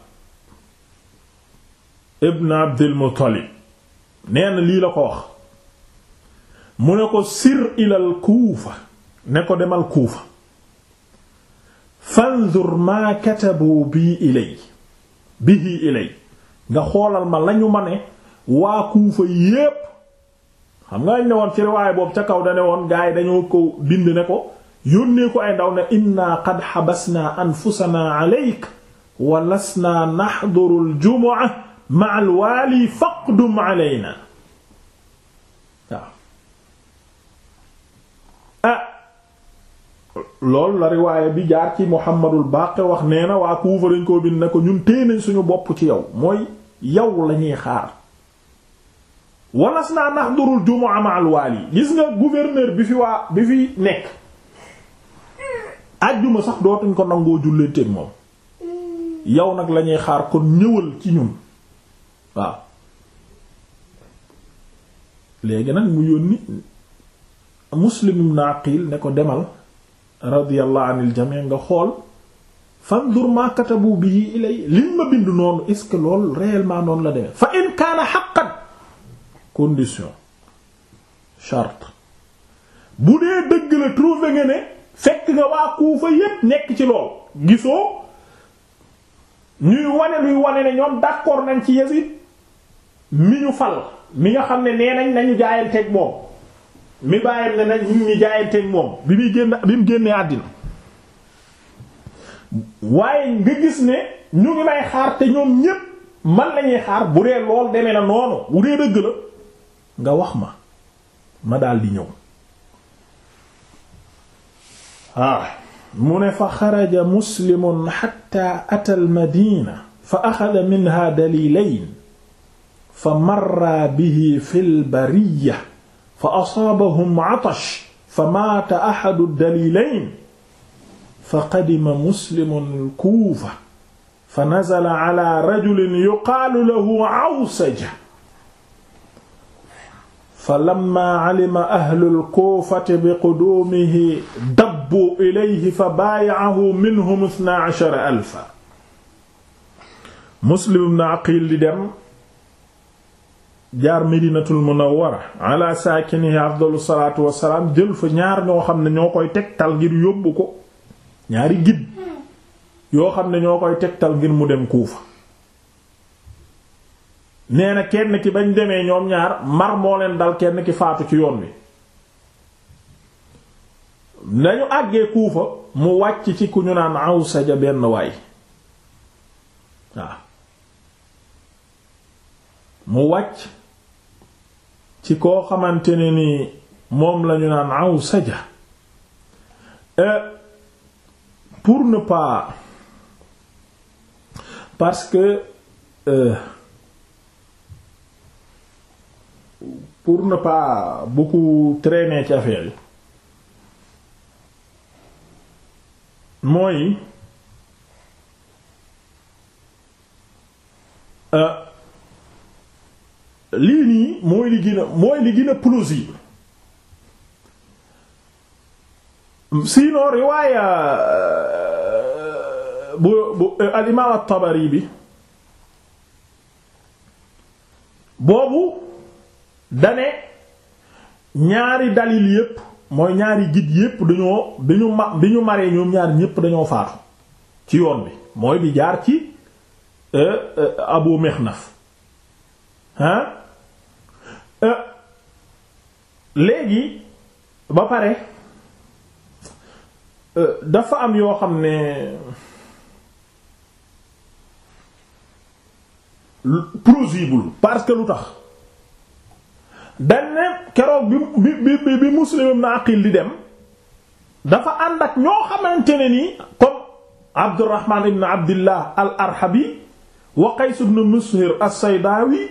ibn abdil muttalib nee na lii la ko wax mu ne ko sir ilal kuufa ne ko demal kuufa fanzur maa katabu bii ilay bihi ilay nga xoolal ma lañu ma ne waa kuufa yépp xam nga ne woon ci riwaay boobu ca kaw da ne woon gaa yi dañoo ko bind ne ko yónnee ko ay ndaw ne inna qad xabasnaa anfusana aleyk wa lasnaa naxdurul jumu'a ma'al waali faqdum alayna waaw ah loolu la riwaaya bi jaar ci Muhammadul Baaqir wax nee na waa Kuufa dañ koo bind ne ko ñun téye suñu bopp ci yow mooy yow lañuy xaar walas naa naxdurul jumaa ma'al waali gis nga gouverneur bi fi waa bi fi nekk àjjuma sax dootuñ ko nangoo julleenteel moom yow nag lañuy xaar kon ñëwal ci ñun waaw léegi nag mu yónni Muslim ibn Aqil ne ko demal radiyallahu anil jami' nga xool fanzur ma katabu bihi ilay liñ ma bind noonu est-ce que loolu réellement noonu la demee fa in kaana haqqan condition charte bu dee dëgg la trouvé nga ne fekk nga waa Kuufa yépp nekk ci lool gisoo ñuy wane luy wane ne ñoom d'accord nañ ci Yazid mi ñu fal mi nga xam ne nee nañ nañu jaayanteeg moom mi bàyyam ne nañ ñu ngi moom bi muy génn bi mu génnee àddina waaye nga gis ne ñu ngi may xaar te ñoom ñépp man lañuy xaar bu dee lool demee na noonu bu dee dëgg la nga wax ma ma daldi di ñëw ah mu ne fa xaraja muslimun xatta atal madina fa axada minha dalilayn fa marra bihi fil bariyya fa asaabahum atash fa maata ahadu dalilayn fa qadima muslimun kuufa fa nazala ala rajulin yuqaalu lahu awsaja fa lamma calima ahlul kuufati biquduumihi dabbuu ilayhi fa baayacahu minhum isnaa cashara alfa muslim ibn aqiil di dem jaar medinatul munawwara ala saakinihi afdalu salaatu wassalaam jël fa ñaar ñoo xam ne ñoo koy tegtal ngir yóbbu ko ñaari gid yoo xam ne ñoo koy tegtal ngir mu dem kuufa nee na kenn ki bañ demee ñoom ñaar mar moo leen dal kenn ki faatu ci yoon wi nañu àggee kuufa mu wàcc ci ku ñu naan awsaja benn waay waaw mu wàcc ci koo xamante ne ni moom lañu naan Awsaja euh, pour ne pas parce que euh, pour ne pas beaucoup traîner ci affaire yi mooy euh, lii nii mooy li gën a mooy li gën a plausible sinon riwaaya euh, bu bu al tabari bi boobu dane ñaari dalil yépp mooy ñaari git yépp dañoo bi ñu ma bi ñu maree ñoom ñaari ñépp dañoo faatu ci yoon bi mooy bi jaar ci euh, euh, Abu Mikhnaf ah Euh, léegi ba pare euh, dafa am yoo xam ne plausible parce que lu tax dañ ne keroog bi bi bi bi muslimum na aqil di dem dafa ànd ak ñoo xamante ne nii comme Abdurrahman ibn Abdillah al-Arhabi wa Qays ibn Mushir as-Saydawi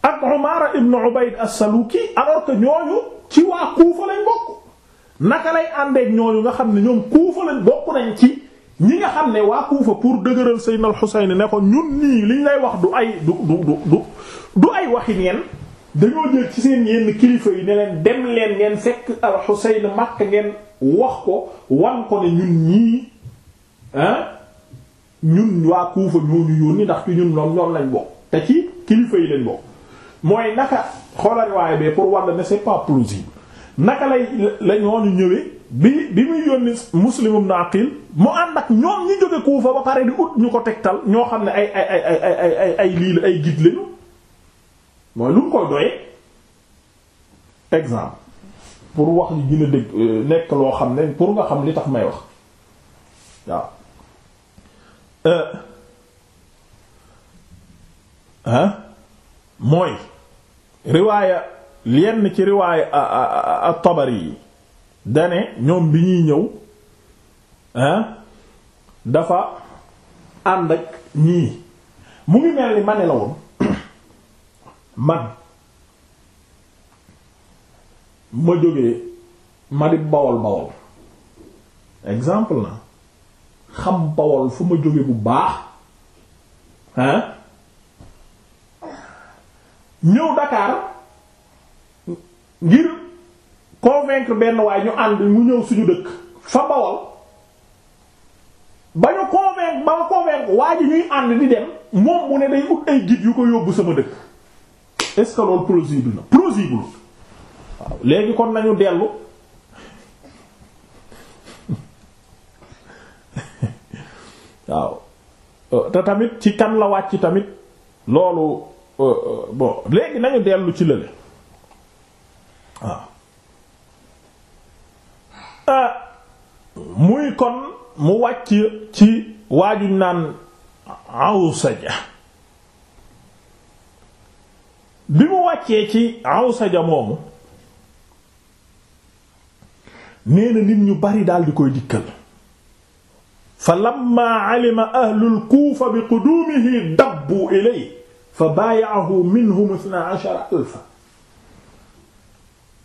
ak Umaara ibn Ubayd as-Saluki alors que ñooñu ci waa Kuufa lañ bokk naka lay àndeek ñooñu nga xam ne ñoom Kuufa lañ bokk nañ ci ñi nga xam ne waa Kuufa pour dëgëral Sayyidna al-Husayn ne ko ñun nii liñ lay wax du ay du du du du ay waxi neen dañoo jël ci seen yenn kilifa yi ne leen dem leen ngeen fekk al-Husayn Makka ngeen wax ko wan ko ne ñun ñii ah ñun waa Kuufa ñooñu yónni ndax ci ñun loolu ñoom lañ bokk te ci kilifa yi lañ bokk. mooy naka xoolal waaye bee pour wàll ne c'est pas plausible naka lay la ñooñu ñëwee bi bi muy yónni Muslim na Aqil mu ànd ak ñoom ñu jóge Kufa ba pare di ut ñu ko tegtal ñoo xam ne ay ay ay ay ay ay lii la ay gid lañu mooy lu mu koy doyee exemple pour wax li gën a dégg euh, nekk loo xam ne pour nga xam li tax may wax waaw euh. mooy riwaaya yenn ci riwaaya at-Tabari yi dane ñoom bi ñuy ñëw hein dafa ànd ak ñii mu ngi mel ni ma la woon man ma jógee ma di bawol bawol exemple na xam bawol fu ma jóge bu baax hein ñëw Dakar ngir convaincre benn waay ñu ànd mu ñëw suñu dëkk fa Bawol ba ñu convaincre ba ma convaincre waa ji ñuy ànd di dem moom mu ne day ut ay guide yu ko yóbbu sama dëkk est loolu plausible na plausible waaw léegi kon nañu dellu waaw te tamit ci kan la wàcc tamit loolu Euh, bon léegi nañu dellu ci lële waaw ah. ah. muy kon mu wàcc ci waaju naan awsaja bi mu wàccee ci awsaja moomu nee na nit ñu bari daal di koy dikkal fa lamma alima ahlul kuufa bi quduumihi dabbu ilay fa baayaahu minhum isna ashara alfa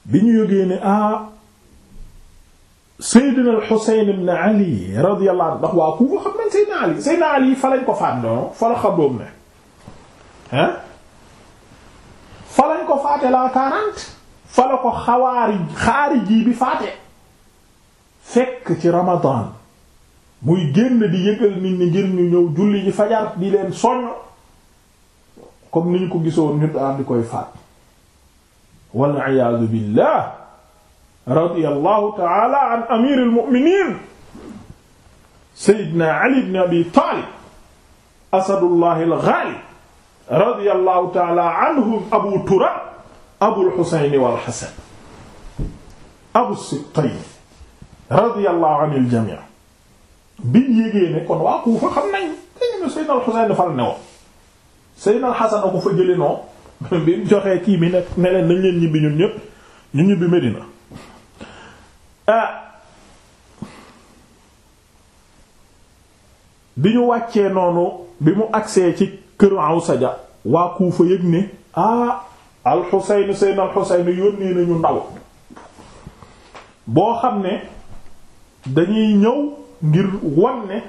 bi ñu yógee ne ah Seydina al-Husayn ibn Ali radiyallahu anhu ndax waa Kuufa xam nañ Seydina Ali Seydina Ali fa lañ ko faat noonu fa la xaboom ne ah fa lañ ko faate la 40 fa la ko xawaari xaariji bi faate fekk ci Ramadan muy génn di yëgal nit ñi ngir ñu ñëw julli ji fajar di leen soññ comme ni ñu ko gisoon ñu daan di koy faat wal iyaadu billah radiyallahu ta'ala an amiril mu'minin sayyidina ali ibn abi talib asadullah al-ghalib radiyallahu ta'ala anhum abu turab abul husayn wal hasan abu sibtayn radiyallahu anil jami' bi yégee ne kon waa Kufa xam nañ dañu sayyidina al-Husayn fal newoon Seydina Hasan a ko fa jële bi mu joxee kii bi ne ne leen nañ leen ñibbi ñun ñëpp ñu ñibbi Medina ah bi ñu wàccee noonu bi mu agsee ci këru Awsaja waa Kuufa yëg ne ah al-Husayn Seydina yónnee nañu ndaw boo xam ne dañuy ñëw ngir wan ne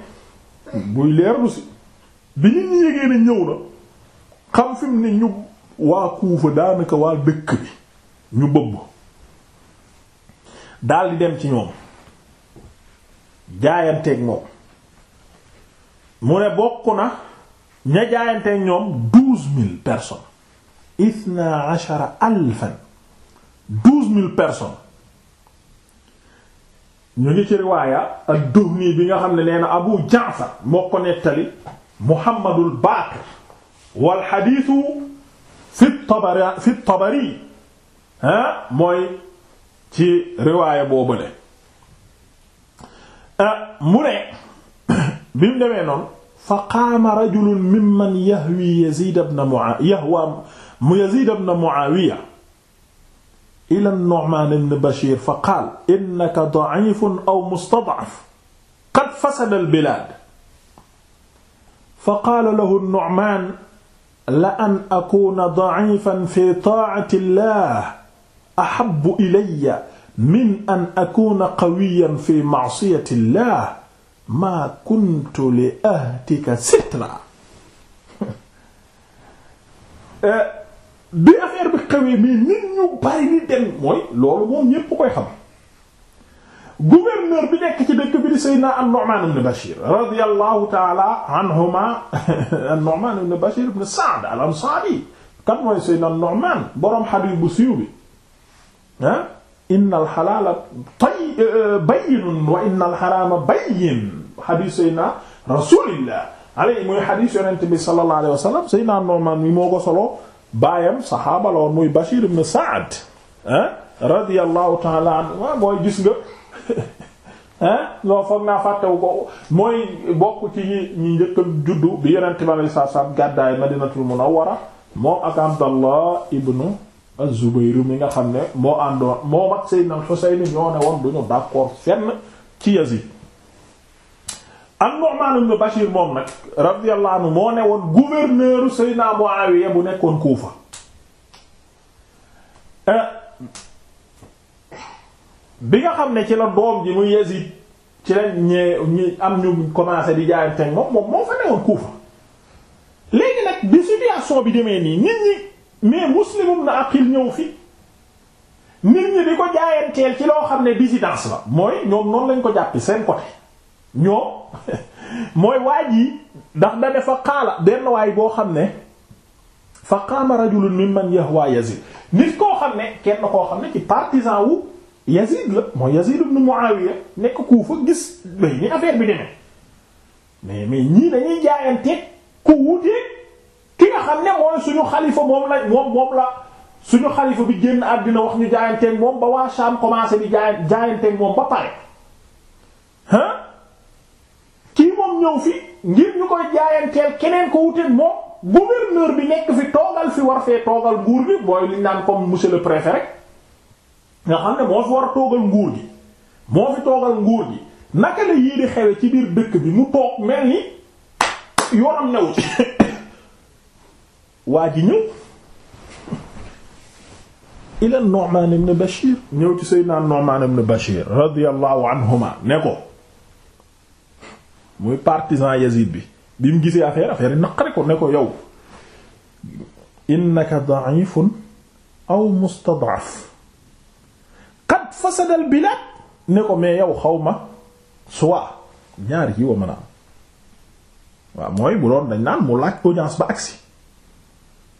buy leerlu si bi ñu yëgee ne ñëw na xam fi mu ne ñu waa Kuufa daanaka waa dëkk bi ñu bëbb daldi dem ci ñoom jaayanteeg moom mu ne bokk na ña jaayanteeg ñoom douze mille personnes ithna ashara alfan douze mille personnes ñu ngi ci riwaaya ad-Duhni bi nga xam ne nee na Abu Ja'far moo ko nettali Muhammadul Baqir wal xadiisu fi tabari fi tabari ah mooy ci riwaaya boobale ah, mu ne bi mu demee noonu fa qaama rajulun mimman yahwi Yazid ibn Muawiya yahwa Yazid ibn Muawiya ila Nu'man ibn Bashir fa qaal innaka da'ifun aw mustad'af qad fasada al-bilaad fa qaala lahu Nu'man la an akuna da'ifan fi ta'ati llah ahabbu ilayya min an akuna qawiyan fi ma'siyati llah ma kuntu li ahdika sitra eh, bi affaire bi xawee mais nit ñu bari ni dem mooy loolu moom ñépp koy xam gouverneur bi nekk ci dëkk bi di Seydina an-Nu'man ibn Bashir radiyallahu ta'ala anhuma an-Nu'man ibn Bashir ibn Sa'd al-Ansari kan mooy Seydina an-Nu'man boroom xadiis bu siiw bi ah inna al-halala euh, bayyinun wa inna al-harama bayyin xadiis Seydina rasulillah alayhi mooy xadiis yonent bi sallallahu alayhi wa sallam Seydina an-Nu'man mi moo ko solo baayam saxaaba la woon muy Bashir ibn Sa'd ah radiyallahu ta'ala anhu mooy gis nga ah non foog naa fàttewu ko mooy bokk ci njëkk juddu bi yonent bi alayhi salaatu salaam gàddaay Madinatul Munawwara moom ak Abdallah ibnu az-Zubayr mi nga xam ne moo àndoon moom ak Sayyidna al-Husayn ñoo ne woon duñu d'accord fenn ci Yazid an-Nu'man ibn Bashir moom nag radiyallahu anhu moo ne woon gouverneur Sayyidna Muawiya bu nekkoon Kufa eh, bi nga xam ne ci la doom ji mu Yazid ci la ñee ñi am ñu commencé di jaayanteeg moom moom moo fa newoon Kufa léegi nag bi situation bi demee nii nit ñi mais muslimum na aqil ñëw fi nit ñi di ko jaayanteel ci loo xam ne dissidence la mooy ñoom noonu lañ ko jàppi seen côté ñoom mooy waaj yi ndax da ne fa xaala benn waay boo xam ne fa qaama rajulun mimman yahwa Yazid nit koo xam ne kenn koo xam ne ci partisan wu Yazid la mooy Yazid ibn Muawiya nekk Kufa gis bay ni affaire bi demee mais mais ñii dañuy jaayante ku wuute ki nga xam ne mooy suñu xalifa moom la moom moom la suñu xalifa bi génn àddina wax ñu jaayanteeg moom ba waa Sham commencé di jaay jaayanteeg moom ba pare ah kii moom ñëw fi ngir ñu koy jaayanteel keneen ko wuuteeg moom gouverneur bi nekk fi toogal fi war fee toogal nguur bi booy liñ naan comme monsieur le préfet rek nga xam ne moo fi war a toogal nguur gi moo fi toogal nguur gi naka la yii di xewe ci biir dëkk bi mu toog mel ni yoonam new ci waa ji ñëw ila Nu'man ibn Bashir ñëw ci Seydina Nu'man ibn Bashir radiyallahu anhuma ne ko muy partisan Yazid bi bi mu gisee affaire affaire yi naqari ko ne ko yow innaka da'ifun aw mustad'af xat fasadal bilaat ne ko mais yow xaw ma soit ñaari yi wa mën a am waaw mooy bu doon dañ naan mu laaj audience ba agsi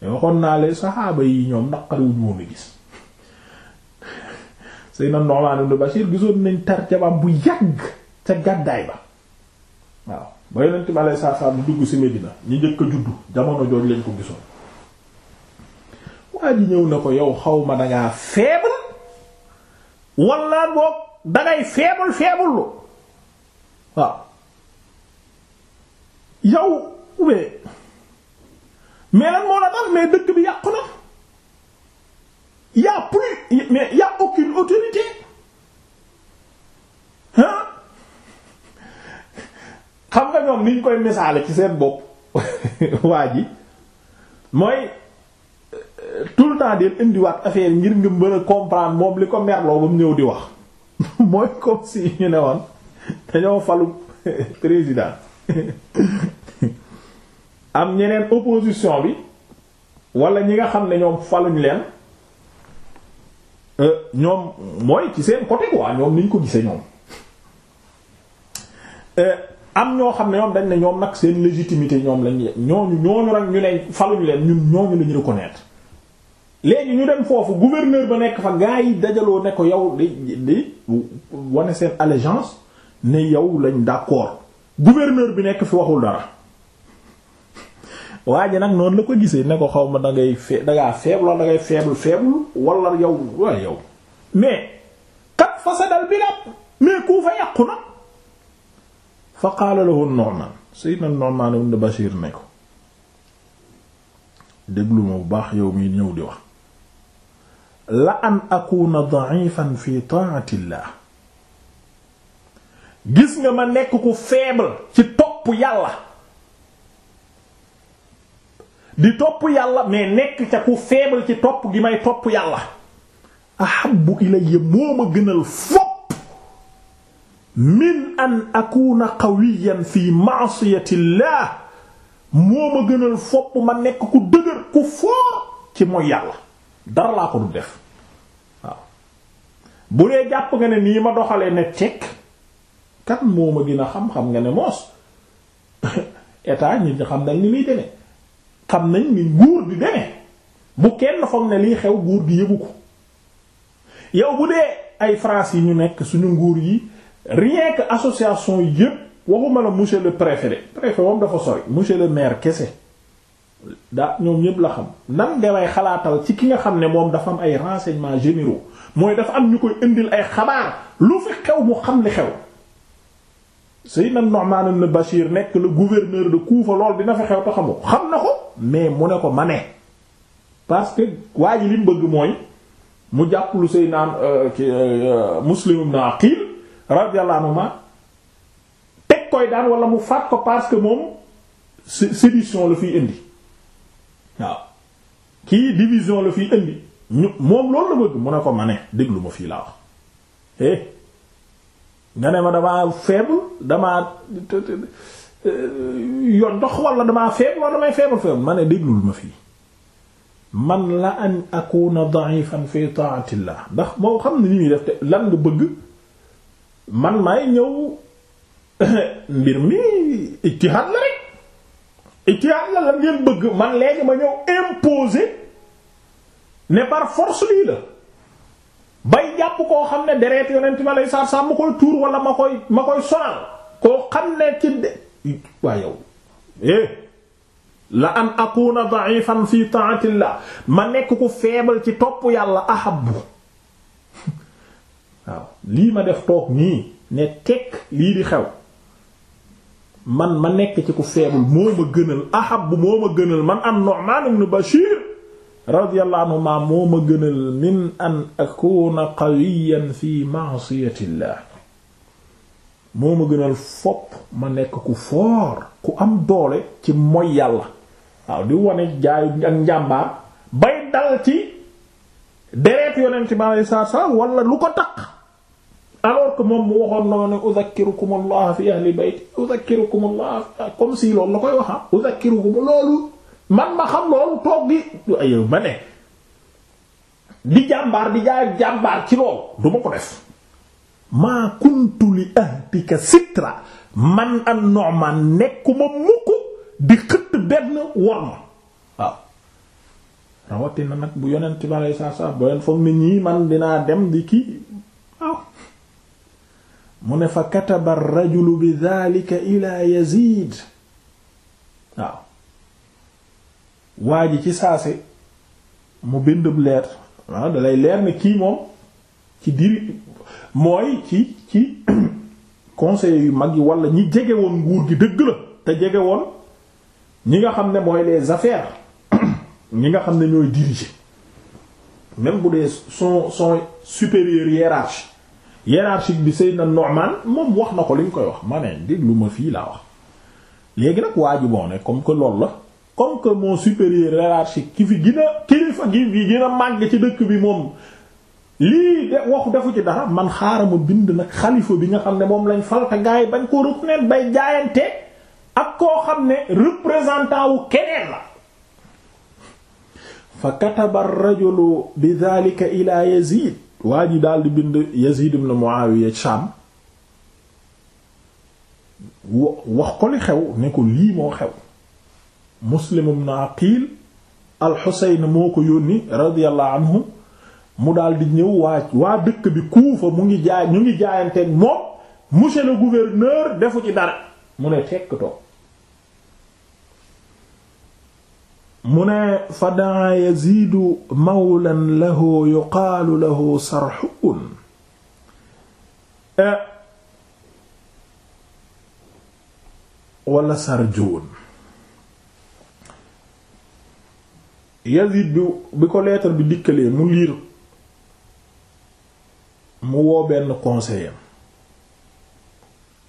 waxoon naa leen saxaaba yi ñoom naqariwuñu woon a gis Seydina Nu'man ibn Bashir gisoon nañ tarjabam bu yàgg ca gàddaay ba waaw ba yonent bi alayhi salaatu salaam dugg ci ñu njëkk a juddu jamono jooj lañ ko gisoon waa ji ñëw na ko yow xaw ma dangaa feebar wala boog dangay feebul feebul waaw yow mais mais lan moo la tax mais dëkk bi yàqu na y a autorité hein xam nga ñoom niñ koy misaale ci seen bopp waa ji mooy. tout le temps deel indiwaat affaire ngir nga mën a comprendre moom li ko merloo ba mu ñëw di wax mooy comme si ñu ne woon dañoo falu président am ñeneen opposition bi wala ñi nga xam ne ñoom faluñ leen euh, ñoom mooy ci seen côté ñoom niñ ko gisee ñoom euh, am ñoo xam ne ñoom dañ ne ñoom nag seen légitimité ñoom lañ ñooñu ñooñu rek ñu ne faluñ leen ñun ñu lañu reconnaître léegi ñu dem foofu gouverneur ba nekk fa gaa yi dajaloo ne ko yow di di wane seen allégeance ne yow lañ d'accord gouverneur bi nekk fi waxul dara waa ji nag noonu la ko gisee ne ko xaw ma da ngay fee da ngaa faible wala da ngay faible faible wala yow waaye yow mais kat fasadal bilab mais ku fa yàqu na fa qaala lahu Nu'man sayyidna Nu'man ibn Bashir ne ko déglu bu baax yow mi ñëw di wax la an akuna da'ifan fi ta'atillah gis nga ma nekk ku faible ci topp yàlla di topp yàlla mais nekk ca ku faible ci topp gi may topp yàlla ahabbu ilayya moo ma gënal fopp min an akuna qawiyan fi ma'siyatillah moo ma gënal fopp ma nekk ku dëgër ku foor ci mooy yàlla dara laa ko du def waaw bu dee jàpp nga ne nii ma doxalee ne teg kat moom ma gën a xam-xam nga ne moos état ñi xam nañ ni muy demee xam nañ ni nguur di demee bu kenn foog ne lii xew nguur di yëgu ko yow bu dee ay France yi ñu nekk suñu nguur yi rien que association yépp waxuma la monsieur le préfet préfet moom dafa sori monsieur le maire kese. daa ñoom ñëpp la xam nan nga may xalaatal ci ki nga xam ne moom dafa am ay renseignements généraux mooy dafa am ñu koy indil ay xabaar lu fi xew mu xam li xew Seydina Nu'man ibn Bashir nekk le gouverneur de Koufa lool dina fi xew te xamu xam na ko mais mu ne ko ma parce que waa ji li mu bëgg mooy mu jàpp lu Seydina euh, euh, euh, Muslim ibn Aqil radiyallahu anhu teg koy daan wala mu faat ko parce que moom sédition lu fiy indi kii division la fi indi ñu moom loolu la bëgg mu ne ko ma déglu ma fii laa wax eh nga ne ma damaa faible damaa euh, yo ndox wala damaa faible wala damay faible faible ma ne déglul ma fii man la an akuna da'ifan fi ta'atillah ndax moo xam ne ni muy def te lan nga bëgg man maay ñëw mbir mi ijtihad la rek itiyaat la lan ngeen bëgg man léegi ma ñëw imposer ne par force lii la bay jàpp koo xam ne deret yonent ma lay saar saam ma koy tuur wala ma koy ma koy sonal koo xam ne ci de waa yow eh la an akuna da'ifan fi ta'atillah ma nekk ku feebal ci topp yàlla ahabbu waaw lii ma def toog nii ne tekk lii di xew man ma nekk ci ku feebul moo ma gënal ahab moo ma gënal man an Nu'man ibn Bashir radiyallahu anhu ma moo ma gënal min an akuna qawiyan fi ma'siyatillah moo ma gënal fopp ma nekk ku foor ku am doole ci moy yàlla waaw di wane jaay ak njàmbaar bay dal ci deret yonent bi alayhi salaatu wa lu ko takk alors que moom mu waxoon noonu ne uzakkirukum allah fi ahli comme si loolu la koy waxa ah, uzakkirukum loolu man ma xam loolu toog di ayo ma ne di jàmbaar di jaay jàmbaar ci loolu du ma ko def maa kuntu li ahdika sitra man an Nu'man nekkuma mukk di xëtt benn wor ma rawatina nag bu yonent bi alei saat salam booleen foog nit ñi man dinaa dem di kii mu ne fa kataba rajulu bi dhalika ila yazid waaw waa ji ci saase mu bindub leer waaw ah, dalay leer ne kii moom ci diri mooy ci ci conseil yu mag yi walla ñi jege woon nguur gi dëgg la te jege woon ñi nga xam ne mooy les affaires ñi nga xam ne ñooy diriger même bu dee son son supérieur hiérarchie hiérarchique bi na Nu'man moom wax na ko li ñu koy wax ma ne déglu ma fii laa wax léegi nag waa ji moo ne comme que loolu la comme que mon supérieur hiérarchique ki fi gën kilifa gi fi gën a màgg ci dëkk bi moom lii de waxu defu ci dara man xaaral ma bind nag xalifa bi nga xam ne moom lañ fal te bañ koo reconnaître bay jaayante ak koo xam ne représentant wu keneen la. fa kataba rajol rajulu bi dhalika ila Yazid waa ji daal di bind Yazid ibn Muawiya Sham wax ko li xew ne ko lii moo xew Muslim ibn Aqil al moo ko yónni radiyallahu anhu mu daal di ñëw waa waa dëkk bi Kuufa mu ngi jaay ñu ngi jaayanteen moom monsieur le gouverneur defu ci dara mu ne tekk toog mu ne fa daa yaziidu mawlan lahu yuqaalu lahu sarxuun eh, wala sarjuun yaziid bi bi ko leetar bi dikkalee mu liir mu woo benn conseiller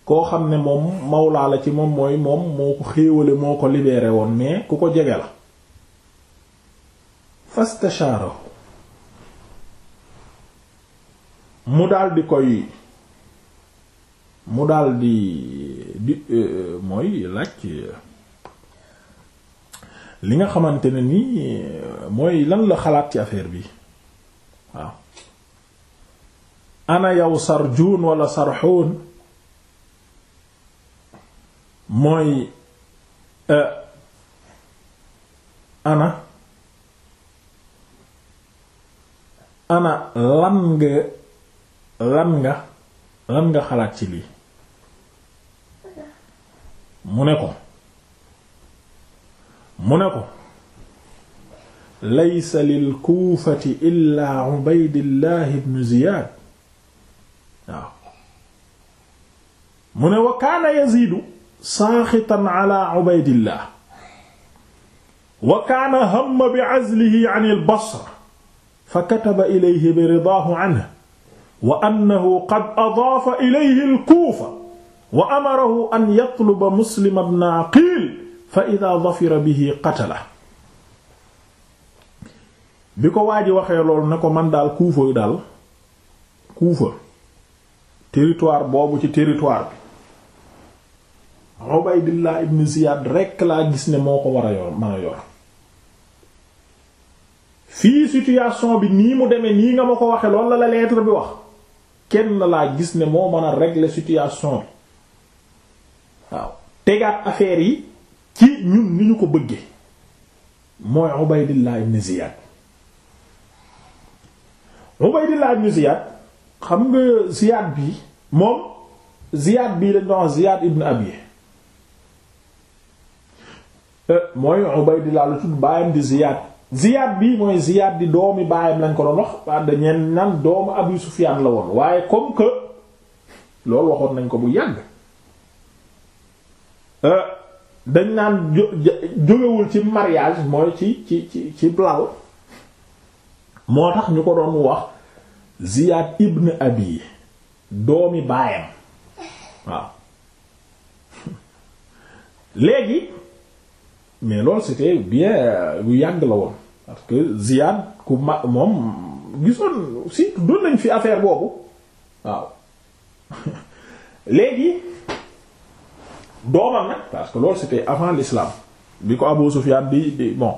koo xam ne moom mawlaa la ci moom mooy moom moo ko xéewale moo ko libéré woon mais ku ko jege la fastashaarahu mu daldi koy mu daldi di e, mooy laaj li nga xamante ne ni mooy lan la xalaat ci affaire bi waaw ana yow sarjuun wala sarxuun mooy e, ana ana lan nga lan nga lan nga xalaat ci lii mu ne ko mu ne ko laysa lil kuufati illa ubaydillah ibn ziyad waaw mu ne wa kaana yaziidu saaxitan ala ubaydillah wa kaana hamma bi azlihi an al basra fa kataba ilayhi bi ridaahu anhu wa annahu qad adaafa ilayhi al-Kuufa wa amarahu an yatluba Muslim ibn Aqiil fa idaa dafira bi ko waa ji waxee loolu na ko man daal Kuufa yu daal Kuufa territoire boobu ci territoire bi Ubaydillah ibn Ziyaad rekk laa gis ne moo ko war a yor mën a yor fii situation bi nii mu demee nii nga ma ko waxee loolu la la lettre bi wax kenn laa gis ne moo mën a régler situation bi waaw tegaat affaire yi ci ñun ni ñu ko bëggee mooy Ubaydillah ibn Ziyad Ubaydillah ibn xam nga Ziyad bi moom Ziyad bii lañ doon Abi euh, mooy Ubaydillah la tudd baayam di Ziyad Ziyad bi mooy Ziyad di doomi baayam lañ ko doon wax waa dañeen nan doomu Abu Sufyan la woon waaye comme que loolu waxoon nañ ko bu yàgg euh, dañ naan jógewul ci mariage mooy ci ci ci ci blal moo tax ñu ko doon wax Ziyad ibn Abi doomi baayam waaw léegi mais loolu c'était bien bu yàgg la woon parce que Ziyad ku ma moom gisoon si doon nañ fi affaire boobu waaw léegi doomam nag parce que loolu c'était avant l'islam bi ko Abu Sufyan di di bon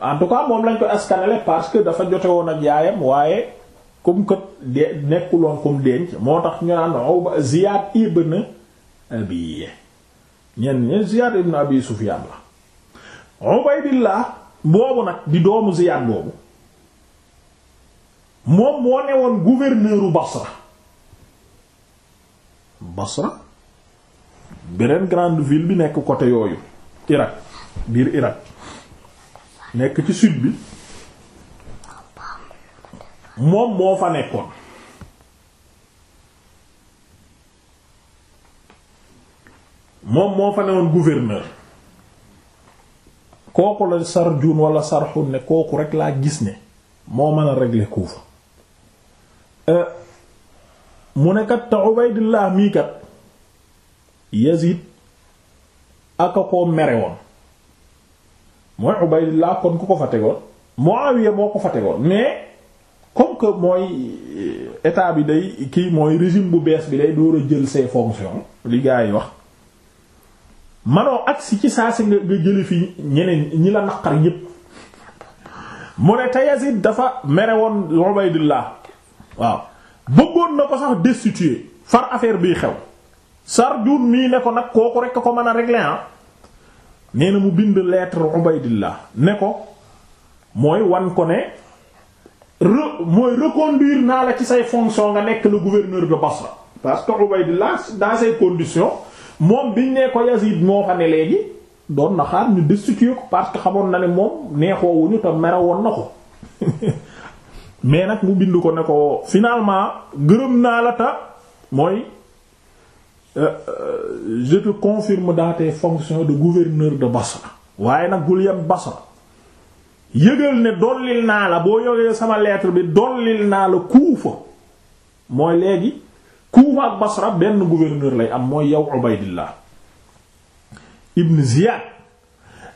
en tout cas moom lañ koy askanale parce que dafa jote woon ak yaayam waaye comme que de nekkuloon comme denc moo tax ñu naan Uba Ziyad ibn Abi ñenn ñi Ziyad ibn Abi Sufyan la Ubaydillah boobu nag di doomu Ziyad boobu moom moo ne woon gouverneuru Basra Basra beneen grande ville bi nekk côté yooyu Irak biir Irak nekk ci sud bi moom moo fa nekkoon moom moo fa ne woon kooku la sarjun wala sarxun ne kooku rek laa gis ne moo mën a régler Kuufa euh, mu ne kat te Ubaydullah mii kat Yazid aka koo mere woon mooy Ubaydullah kon ku ko fa tegoon Muawiya moo ko fa tegoon mais comme que mooy euh, état bi day kii mooy régime bu bees bi day door a jël ses fonctions li gaa yi wax manoo agsi ci saa si nga nga jëli fi ñeneen ñi la naqar yépp mu ne te dafa mere woon Ubaydullah waaw bëggoon na ko sax destituer far affaire bii xew Sarjun mii ne ko nag kooku rek ko mën a régler ah nee na mu bind lettre Ubaydullah ne ko mooy wan ko ne re mooy reconduire naa la ci say fonction nga nekk le gouverneur de Basra parce que Ubaydullah dans ces conditions moom biñ ne ko Yazid moo fa ne léegi doon na xaar ñu destituer ko parce que xamoon na ne moom neexoowuñu te merewoon na ko mais nag mu bind ko ne ko finalement gërëm naa la ta mooy euh, euh, je te confirme dans tes de gouverneur de Basra waaye nag bul yem Basra yëgal ne dollil naa la boo yoree sama lettre bi dollil naa la Kuufa mooy léegi Kufa ak Basra benn gouverneur lay am mooy yow Ubaydillah ibn Ziyad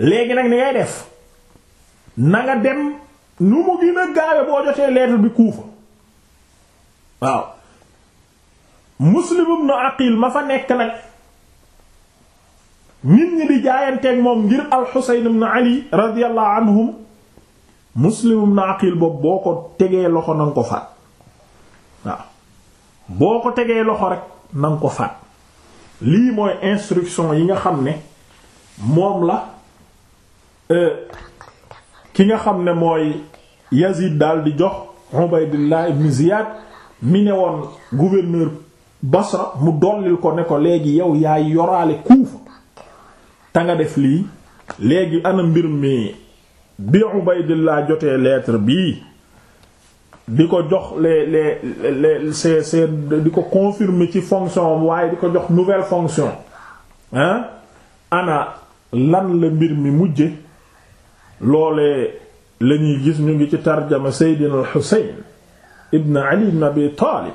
léegi nag ni ngay def na dem nu mu gën a gaawe boo jotee lettre bi Kufa waaw Muslim ibn Aqil ma fa nekk nag nit ñi di moom ngir al-Husayn Ali radiyallahu anhum Muslim ibn Aqil boobu boo ko tegee loxo na nga ko faat waaw boo ko tegee loxo rek na ko faat lii mooy instruction yi nga xam ne moom la euh, ki nga xam ne mooy Yazid daal di jox Ubaydillah ibn Ziyad mi ne woon gouverneur Basra mu dollil ko ne ko léegi yow yaay yoraale Kuufa ta nga def lii léegi ana mbir mi bi Ubaydillah jotee lettre bii di ko jox le les les c'est c'est di ko confirmer ci fonction waaye di ko jox nouvelle fonction hein ana lan la mbir mi mujje loole la ñuy gis ñu ngi ci tarjama Seydina al-Husayn ibn Ali ibn Abi Talib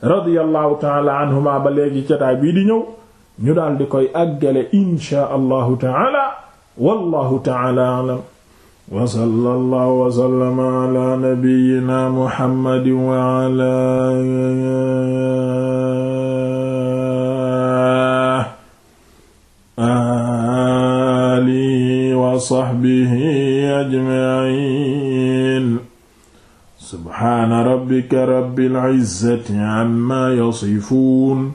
radiyallahu taala anhuma ba léegi cataay bii di ñëw ñu daal di koy àggale inshaa allahu taala wallahu taala alam wa sallallahu wa sallama ala nabiyyina muhammadin wa ala alihi wa sahbihi ajma'in subhaana rabbika rabbil izzati amma yasifun